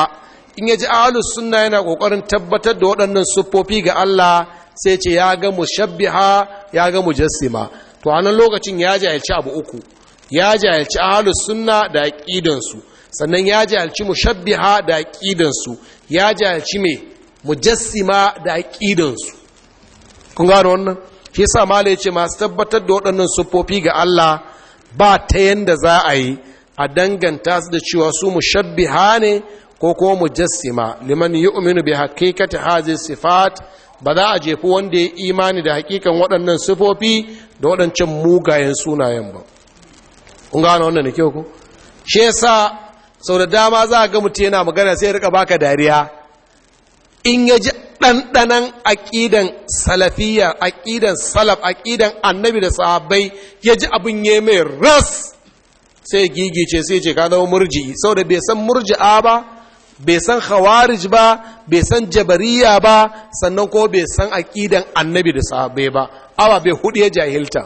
in yaji ahlus sunna yana kokarin tabbatar da waɗannan siffofi ga Allah sai ce ya ga mushabbiha ya ga mujassima to a nan lokacin ya jahilci abu uku ya jahilci ahlus sunna da aqidan su sannan ya jahilci mushabbiha da aqidan su ya jahilci me mujassima da aqidan su kun gano wannan shi yasa mala ya ce masu tabbatar da waɗannan siffofi ga Allah ba ta yanda za a yi a danganta su da cewa su mu mushabbiha ne ko kuma mujassima liman yu'minu bi haqiqati hazihi sifat ba za a jefi wanda ya imani da hakikan waɗannan sifofi da waɗancan mugayen sunayen ba kun gano wannan da kyau ku shi yasa sau da dama za a ga mutum yana magana sai rika baka dariya in ya ji ɗanɗanan aƙidan salafiyya aƙidan salaf aƙidan annabi da sahabbai ya ji abin ya mai ras sai gigice sai ce ka zama murji'i saboda bai san murji'a ba bai san khawarij ba bai san jabariya ba sannan ko bai san aƙidan annabi da sahabbai ba awa bai hudu ya jahilta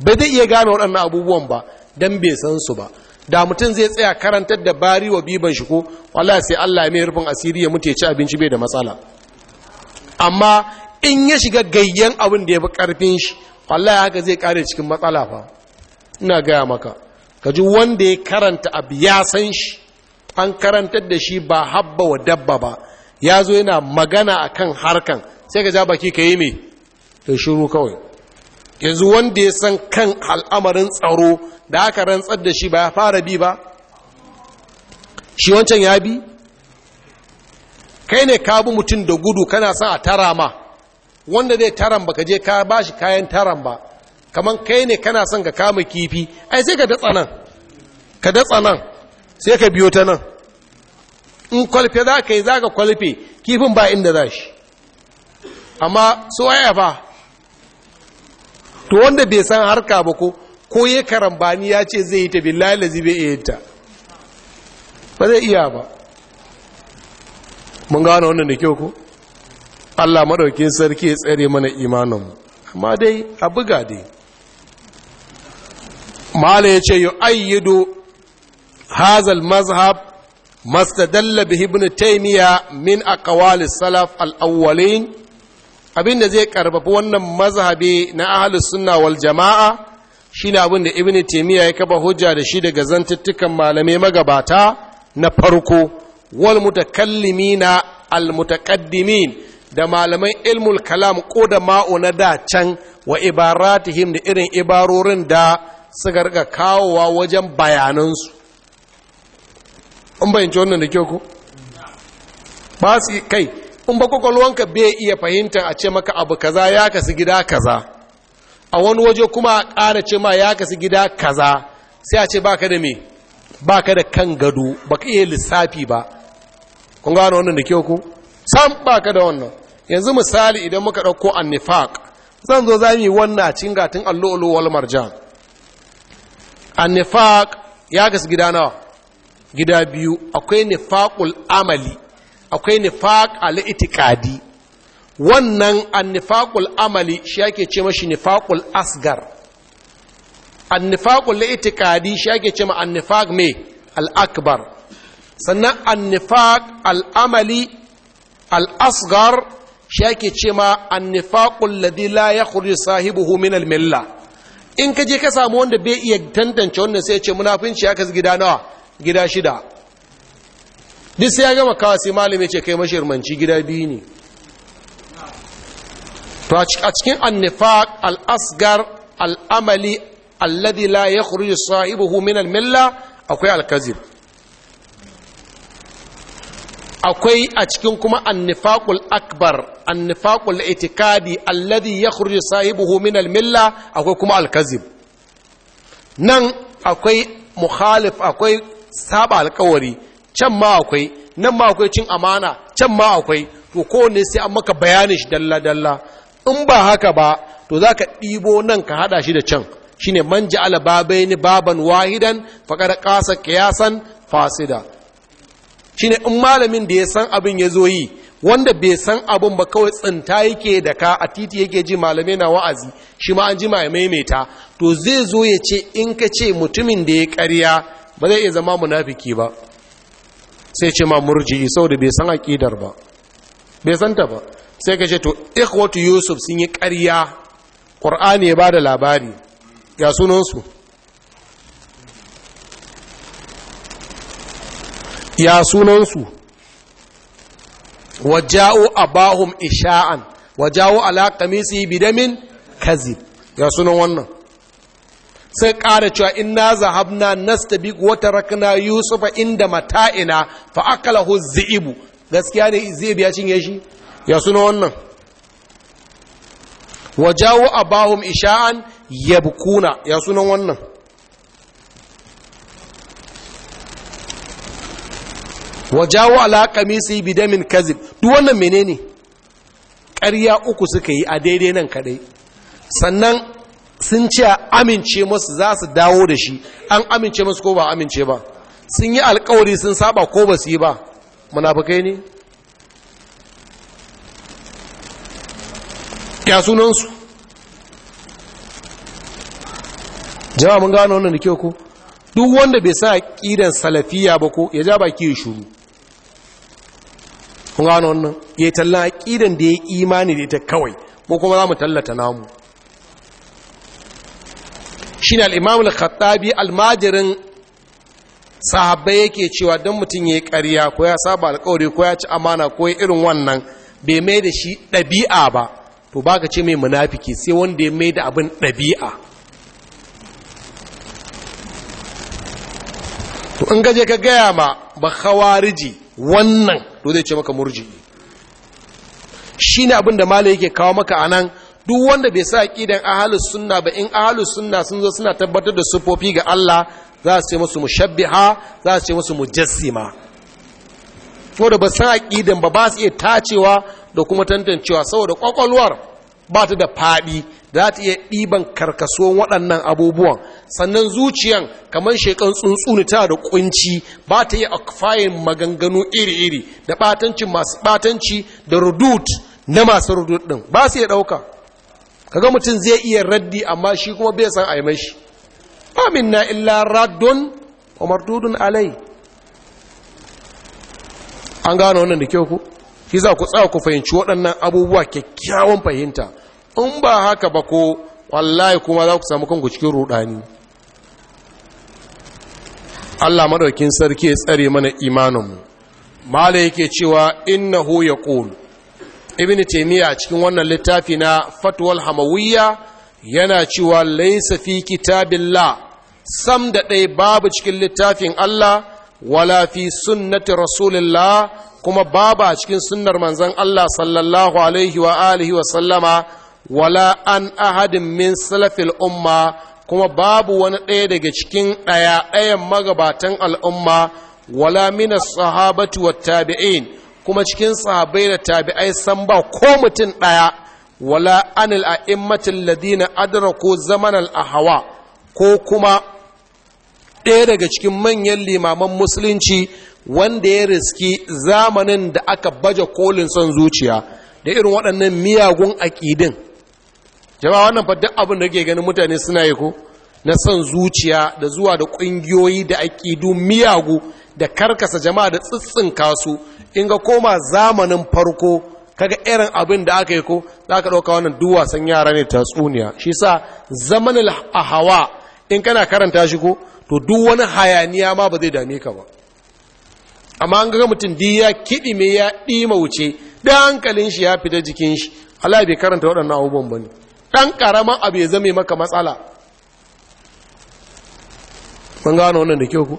bai zai iya gane waɗannan abubuwan ba dan bai san su ba da mutum zai tsaya karantar da bari wa biban shi ko wala sai Allah ya mai rufin asiri ya mutu ya ci abinci bai da matsala amma in ya shiga gayyan abin da ya fi ƙarfin shi wallahi haka zai kare cikin matsala fa ina gaya maka ka ji wanda ya karanta abu ya san shi an karantar da shi ba habba wa dabba ba ya zo yana magana a kan harkan sai ka ja baki ka yi mai ta shuru kawai yanzu wanda ya san kan al'amarin tsaro da aka rantsar da shi ba ya fara bi ba shi wancan ya bi kai ne ka bi mutum da gudu kana sa a tara ma wanda zai taran ka je ka ba shi kayan taran ba kamar kai ne kana son ka kama kifi ai sai ka datsa nan ka datsa nan sai ka biyo ta nan in kwalfe za ka yi za ka kwalfe kifin ba inda za shi amma su waya fa to wanda bai san harka ba ko ko ya karambani ya ce zai yi ta billahi lazi bai iya ta ba zai iya ba mun gano wannan da kyau ko Allah madaukin sarki ya tsare mana imanin amma dai a buga dai mala ya ce yi ayyido hazal mazhab mastadalla bi ibn taymiya min aqwali salaf al-awwalin abinda zai karfafa wannan mazhabi na ahlus sunna wal jamaa shine abin da ibn taymiya ya kaba hujja da shi daga zantuttukan malamai magabata na farko wal mutakallimina al mutaqaddimin da malaman ilmul kalam ko da ma'u na da can wa ibaratihim da irin ibarorin da suka rika kawowa wajen bayanansu in bayanci wannan da ke ku? ba su kai in ba kwakwalwanka bai iya fahimtar a ce maka abu kaza ya kasu gida kaza a wani waje kuma a ƙara ce ma ya kasu gida kaza sai a ce baka da me baka da kan gado baka iya lissafi ba kun gano wannan da kyau ku sam baka da wannan yanzu misali idan muka ɗauko annifaq zan zo za mu yi wannan cin gatin allu'ulu wal marjan annifaq ya gas gida nawa gida biyu akwai nifaqul amali akwai nifaq al itiqadi wannan annifaqul amali shi yake ce mashi nifaqul asgar annifaqul itiqadi shi yake ce ma annifaq me al akbar sannan annifaq al'amali al'asgar shi ake ce ma annifaqul ladhi la yakhruju sahibuhu min al-milla in ka je ka samu wanda bai iya tantance wannan sai ya ce munafinci ya kasu gida nawa gida shida duk sai ya gama kawo sai malami ce kai mashirmanci gida biyu ne to a cikin annifaq al'asgar al'amali alladhi la yakhruju sahibuhu min al-milla akwai al akwai a cikin kuma annifaqul akbar annifaqul itikadi alladhi yakhruju sahibuhu min almilla akwai kuma alkazib nan akwai muhalif akwai saba alkawari can ma akwai nan ma akwai cin amana can ma akwai to kowane sai an maka bayani shi dalla dalla in ba haka ba to zaka ɗibo nan ka hada shi da can shine man ja'ala babaini baban wahidan Fakar qasa qiyasan fasida shine in malamin da ya san abin ya zo yi wanda bai san abin ba kawai tsinta yake da ka a titi yake ji malamai na wa'azi shi ma an ji mai maimaita to zai zo ya ce in ka ce mutumin da ya karya ba zai iya zama munafiki ba sai ce ma murji'i da bai san aƙidar ba bai san ta ba sai ka ce to ikwatu yusuf sun yi karya Kur'ani ya ba da labari ya sunansu ya sunansu waja'u abahum isha'an waja'u ala kamisi bidamin kazib ya sunan wannan sai ƙara cewa inna zahabna nastabiq wata tarakna yusufa inda mata'ina fa akalahu zibu gaskiya ne zibu ya cinye shi ya sunan wannan waja'u abahum isha'an yabkuna ya sunan wannan wa jawo su yi bidamin kazib duk wannan menene ƙarya uku suka yi a daidai nan kadai sannan sun ce amince masu za su dawo da shi an amince masu ko ba amince ba sun yi alkawari sun saba ko ba su yi ba munafukai ne ya sunansu jama'a mun gano wannan da kyau ko duk wanda bai sa ƙidan salafiya ba ko ya ja baki ya shuru kun gano wannan ya talla ƙidan da ya yi imani da ita kawai ko kuma za mu tallata namu shine ne imam al-khattabi almajirin sahabbai yake cewa don mutum ya yi ƙariya ko ya saba alƙawari ko ya ci amana ko ya irin wannan bai mai da shi ɗabi'a ba to ba ka ce mai munafiki sai wanda ya mai da abin ɗabi'a to in gaje ka gaya ma ba kawariji. wannan to zai ce maka murji. Shi ne abinda malai yake kawo maka a nan, duk wanda bai sa aqidan ahalus sunna ba in ahalus sunna sun zo suna tabbatar da sufofi ga Allah za su ce musu mushabbiha za su ce musu mujassima da ba san aqidan ba ba su iya tacewa da kuma tantancewa saboda kwakwalwar ba ta da faɗi za ta iya ɗiban karkasuwan waɗannan abubuwan sannan zuciyan kamar shekan tsuntsu ne tana da kunci ba ta yi akfayin maganganu iri-iri da ɓatanci masu ɓatanci da rudut na masu rudut ɗin ba su iya ɗauka kaga mutum zai iya raddi amma shi kuma bai san aimai shi ba min na illa raddun wa mardudun alai an gano wannan da kyau ku shi za ku tsaya ku fahimci waɗannan abubuwa kyakkyawan fahimta in ba haka ba ko wallahi kuma za ku samu kanku cikin rudani Allah madaukin sarki ya tsare mana imaninmu malai yake cewa innahu yaqul ibnu taymiya cikin wannan littafi na fatwal hamawiyya yana cewa laysa fi kitabillah sam da ɗaya babu cikin littafin Allah wala fi sunnati rasulillah kuma babu a cikin sunnar manzon Allah sallallahu alaihi wa alihi wa sallama wala an ahadin min salafil umma kuma babu wani ɗaya daga cikin ɗaya ɗayan magabatan al'umma wala mina sahabatu wa tabi'in kuma cikin sahabai da tabi'ai san ba ko mutum ɗaya wala anil a'immatin ladina adraku zaman al'ahawa ko kuma ɗaya daga cikin manyan limaman musulunci wanda ya riski zamanin da aka baje kolin son zuciya da irin waɗannan miyagun aƙidin jama'a wannan fa abin da ke ganin mutane suna yi ko na son zuciya da zuwa da ƙungiyoyi da aƙidu miyagu da karkasa jama'a da tsitsin su in ga koma zamanin farko kaga irin abin da aka yi ko za ka ɗauka wannan duwasan yara ne tatsuniya shi sa zamanin hawa in kana karanta shi ko to duk wani hayaniya ma ba zai dame ka ba amma an ga mutum di ya kiɗi mai ya ɗima wuce da hankalin shi ya fita jikin shi Allah bai karanta waɗannan abubuwan ba ne ɗan ƙaramin abu ya zame maka matsala mun gano wannan da kyau ku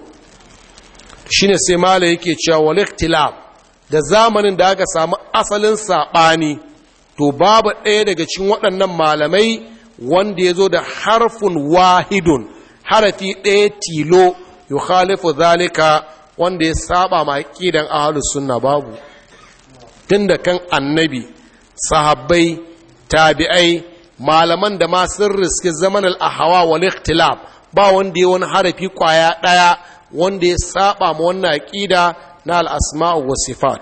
shi ne sai mala yake cewa waliktilab da zamanin da aka samu asalin saɓani to babu ɗaya daga cikin waɗannan malamai wanda ya zo da harfin wahidun harafi ɗaya tilo halifu zalika wanda ya saba ma aqidan ahalus sunna babu tunda kan annabi sahabbai tabi'ai malaman da ma sun riski zaman al'ahawa wal ikhtilaf ba wanda ya wani harafi kwaya ɗaya wanda ya saba ma wannan aƙida na al'asma wa sifat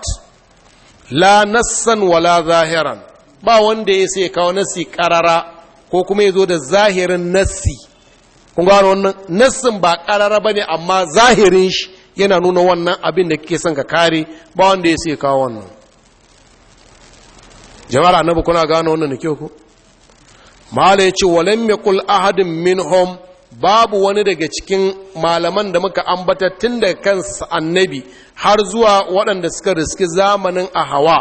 la nassan wala zahiran ba wanda ya sai kawo nassi ƙarara ko kuma ya zo da zahirin nassi kun gano wannan nassin ba ƙarara ba ne amma zahirin shi yana nuna wannan abin da kake son ka kare ba wanda ya sai kawo wannan jama'ar annabi kuna gano wannan da kyau ko mala ya ce walam yaqul ahadin minhum babu wani daga cikin malaman da muka ambata tun daga kansa annabi har zuwa waɗanda suka riski zamanin a hawa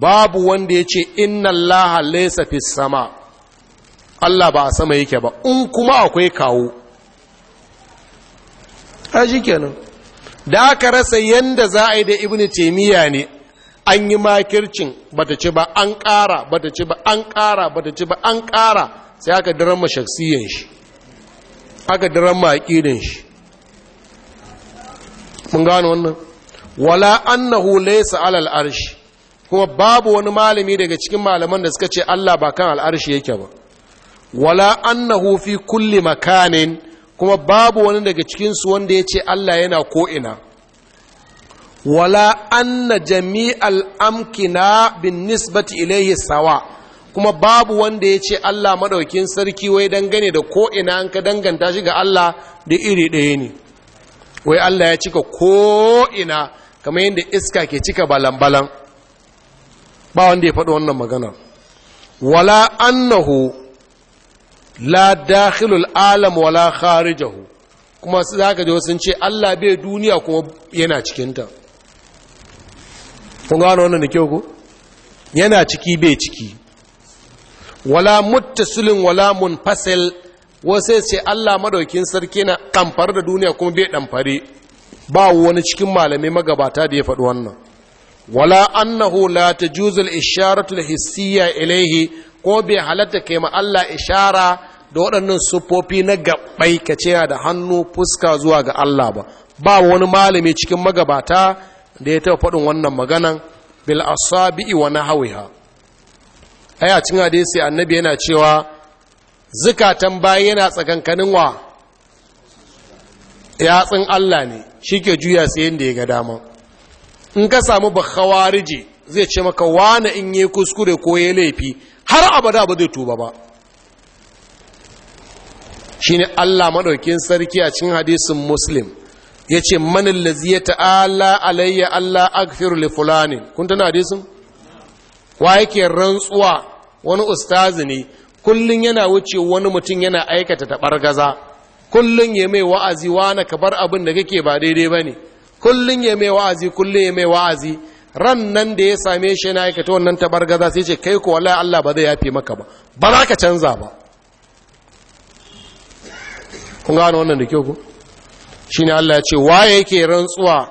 babu wanda ya ce inna allaha laysa sama Allah ba a sama yake ba in kuma akwai kawo a kenan da aka rasa yanda za a yi da ibn taimiyya ne an yi makircin bata ci ba an ƙara bata ci ba an ƙara bata ci ba an ƙara sai aka ma shaksiyan shi aka ma aƙirin shi mun gano wannan wala annahu laysa alal arshi kuma babu wani malami daga cikin malaman da suka ce Allah ba kan al'arshi yake ba wala annahu fi kulli makanin kuma babu wani daga cikinsu wanda ya ce Allah yana ko'ina wala أن جميع amkina bin إليه ilaihi kuma babu wanda ya ce Allah madaukin sarki wai dangane da ko ina an ka danganta shi ga Allah da iri ɗaya ne wai Allah ya cika ko ina kamar yadda iska ke cika balan-balan ba wanda ya faɗi wannan magana wala annahu la dakhilul alam wala kharijahu kuma su zaka je sun ce Allah bai duniya kuma yana cikinta kun gano wannan da kyau ko yana ciki bai ciki wala muttasilin wala munfasil wasu ce Allah madaukin sarki na kamfar da duniya kuma bai damfare ba wani cikin malamai magabata da ya faɗi wannan wala annahu la tajuzu al-isharatu al-hissiyya ilayhi ko bai halatta kai ma Allah ishara da waɗannan sufofi na gabbai kace da hannu fuska zuwa ga Allah ba ba wani malami cikin magabata da ya taɓa faɗin wannan maganan bil asabi'i wa nahawiha ai a cin hadisi annabi yana cewa zukatan baya yana tsakankanin wa yatsun Allah ne shike juya sai yanda ya ga dama in ka samu bakhawarije zai ce maka wani in yi kuskure ko ya laifi har abada ba zai tuba ba shine Allah madaukin sarki a cin hadisin muslim ya ce manin laziya ta'ala alayya Allah agfiru li fulani kun tana hadisin wa yake rantsuwa wani ustazi ne kullun yana wuce wani mutum yana aikata taɓar gaza kullun ya mai wa'azi wani ka bar abin da kake ba daidai ba ne kullun ya mai wa'azi kullun ya mai wa'azi ran nan da ya same shi yana aikata wannan tabar gaza sai ce kai ko wallahi Allah ba zai yafe maka ba ba za ka canza ba kun gano wannan da kyau ku ne Allah ya ce waye yake rantsuwa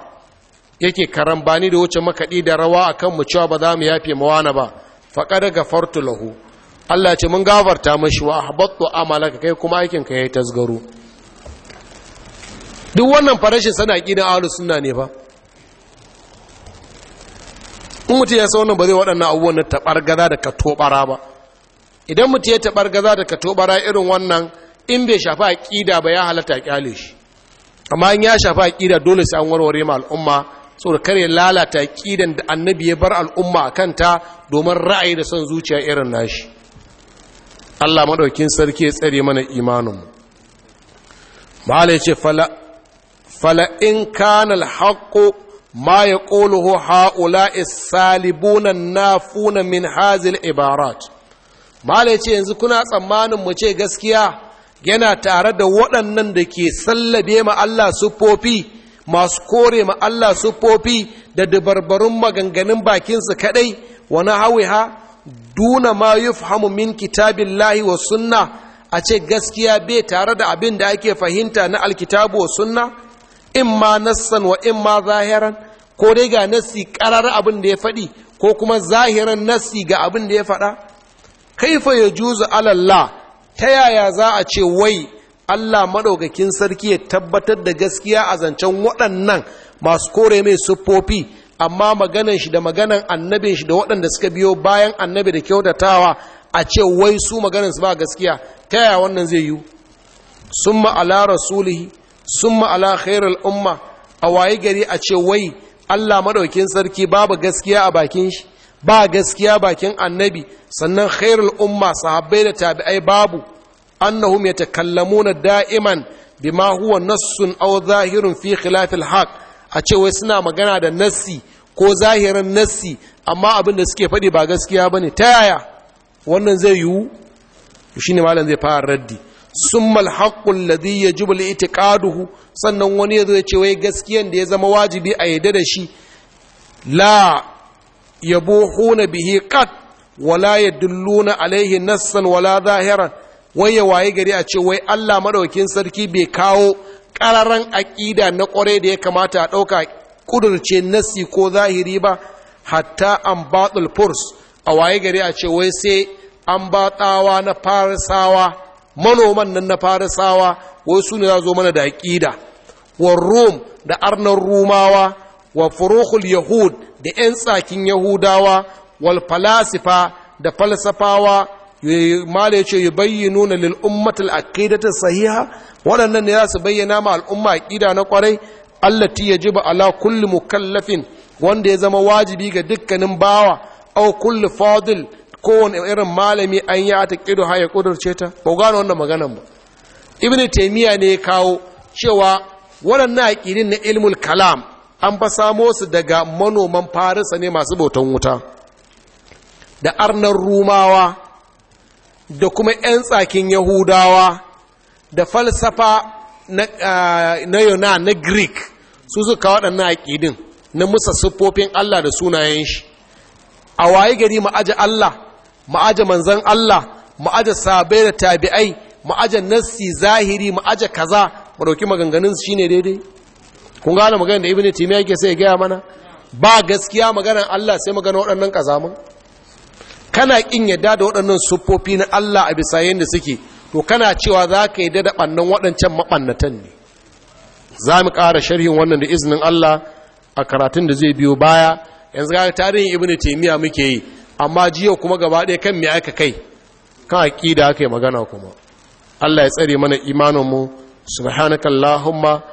yake karambani da wuce makaɗi da rawa akan mu cewa ba za mu yafe mawana ba daga fartu lahu Allah ya ce mun gafarta mashi wa ahbattu amalaka kai kuma aikin ka yayi tasgaro duk wannan farashin sana aqidin ahlus sunna ne fa in mutum ya san wannan ba zai waɗannan abubuwan na taɓargaza da katobara ba idan mutum ya taɓargaza da katobara irin wannan in bai shafi aƙida ba ya halatta ƙyale shi amma in ya shafa aƙida dole sai an warware ma al'umma saboda kar ya lalata aƙidan da annabi ya bar al'umma a kanta domin ra'ayi da son zuciya irin nashi Allah maɗaukin sarki ya tsare mana imanin mu fala'in ce fala fala in kana al-haqqu ma yaquluhu haula'i salibuna nafuna min hazil ibarat malai ce yanzu kuna tsammanin mu ce gaskiya yana tare da waɗannan da ke sallabe ma Allah siffofi masu kore ma Allah siffofi da dabarbarun maganganun bakinsu kaɗai wani ha, duna ma yufhamu min kitabin lahi wa sunna a ce gaskiya bai tare da abin da ake fahimta na alkitabu wa sunna in ma nassan wa in ma zahiran ko dai ga nassi karar abin da ya faɗi ko kuma zahiran nassi ga abin da ya faɗa kaifa ya juzu alallah ta yaya za a ce wai Allah maɗaukakin sarki ya tabbatar da gaskiya a zancen waɗannan masu kore mai siffofi amma maganan shi da maganan annabin shi da waɗanda suka biyo bayan annabi da kyautatawa a ce wai su maganan su ba gaskiya ta yaya wannan zai yiwu summa ala rasulihi summa ala khairul umma a waye gari a ce wai Allah maɗaukin sarki babu gaskiya a bakin shi ba gaskiya bakin annabi sannan khairul umma sahabbai da tabi'ai babu annahum yatakallamuna da'iman bima huwa nassun aw zahirun fi khilafil a ce wai suna magana da nassi ko zahirin nassi amma abin da suke faɗi ba gaskiya bane ta yaya wannan zai yiwu shine malam zai fara raddi summa al-haqqu alladhi yajibu al-i'tiqaduhu sannan wani yazo ya ce wai gaskiyan da ya zama wajibi a yadda da shi la yabuhuna bihi qat wala yadulluna alaihi nassan wala zahiran wai ya waye gari a ce wai Allah madaukakin sarki bai kawo ƙararan aƙida na ƙwarai da ya kamata a ɗauka ƙudurce nasi ko zahiri ba hatta an batul a waye gari a ce wai sai an batsawa na farisawa manoman nan na farisawa wai su ne za zo mana da aƙida wa rum da arnar rumawa wa furuhul yahud da 'yan tsakin yahudawa wal falasifa da falsafawa mala ya ce yi bayyano na lil'ummatul aƙidatar sahiha waɗannan ne za su bayyana ma al'umma a ƙida na ƙwarai allati ya ba ala kulli mukallafin wanda ya zama wajibi ga dukkanin bawa au kulli fadil kowane irin malami an yi a taƙido haya ya ƙudurce ta ba gano wannan maganan ba ibn taimiyya ne ya kawo cewa waɗannan aƙidin na ilmul kalam an fa samo su daga manoman farisa ne masu bautan wuta da arnar rumawa da kuma 'yan tsakin yahudawa da falsafa na, na yona na greek su suka waɗannan aƙidin na musa siffofin allah da sunayen shi a waye gari ma'aji allah ma'aji manzan allah ma'aji sabai da tabi'ai ma'aji nassi zahiri ma'aji kaza ɗauki maganganun shi ne daidai kun gane magana da ibini timiya yake sai ya gaya mana ba gaskiya maganar Allah sai magana waɗannan ƙazamun kana ƙin yadda da waɗannan siffofi na Allah a bisa yadda suke to kana cewa za ka yi da ɓannan waɗancan maɓannatan ne za mu ƙara sharhin wannan da izinin Allah a karatun da zai biyo baya yanzu ga tarihin ibini timiya muke yi amma jiya kuma gaba ɗaya kan me aika kai kan aƙida aka yi magana kuma Allah ya tsare mana mu subhanakallahumma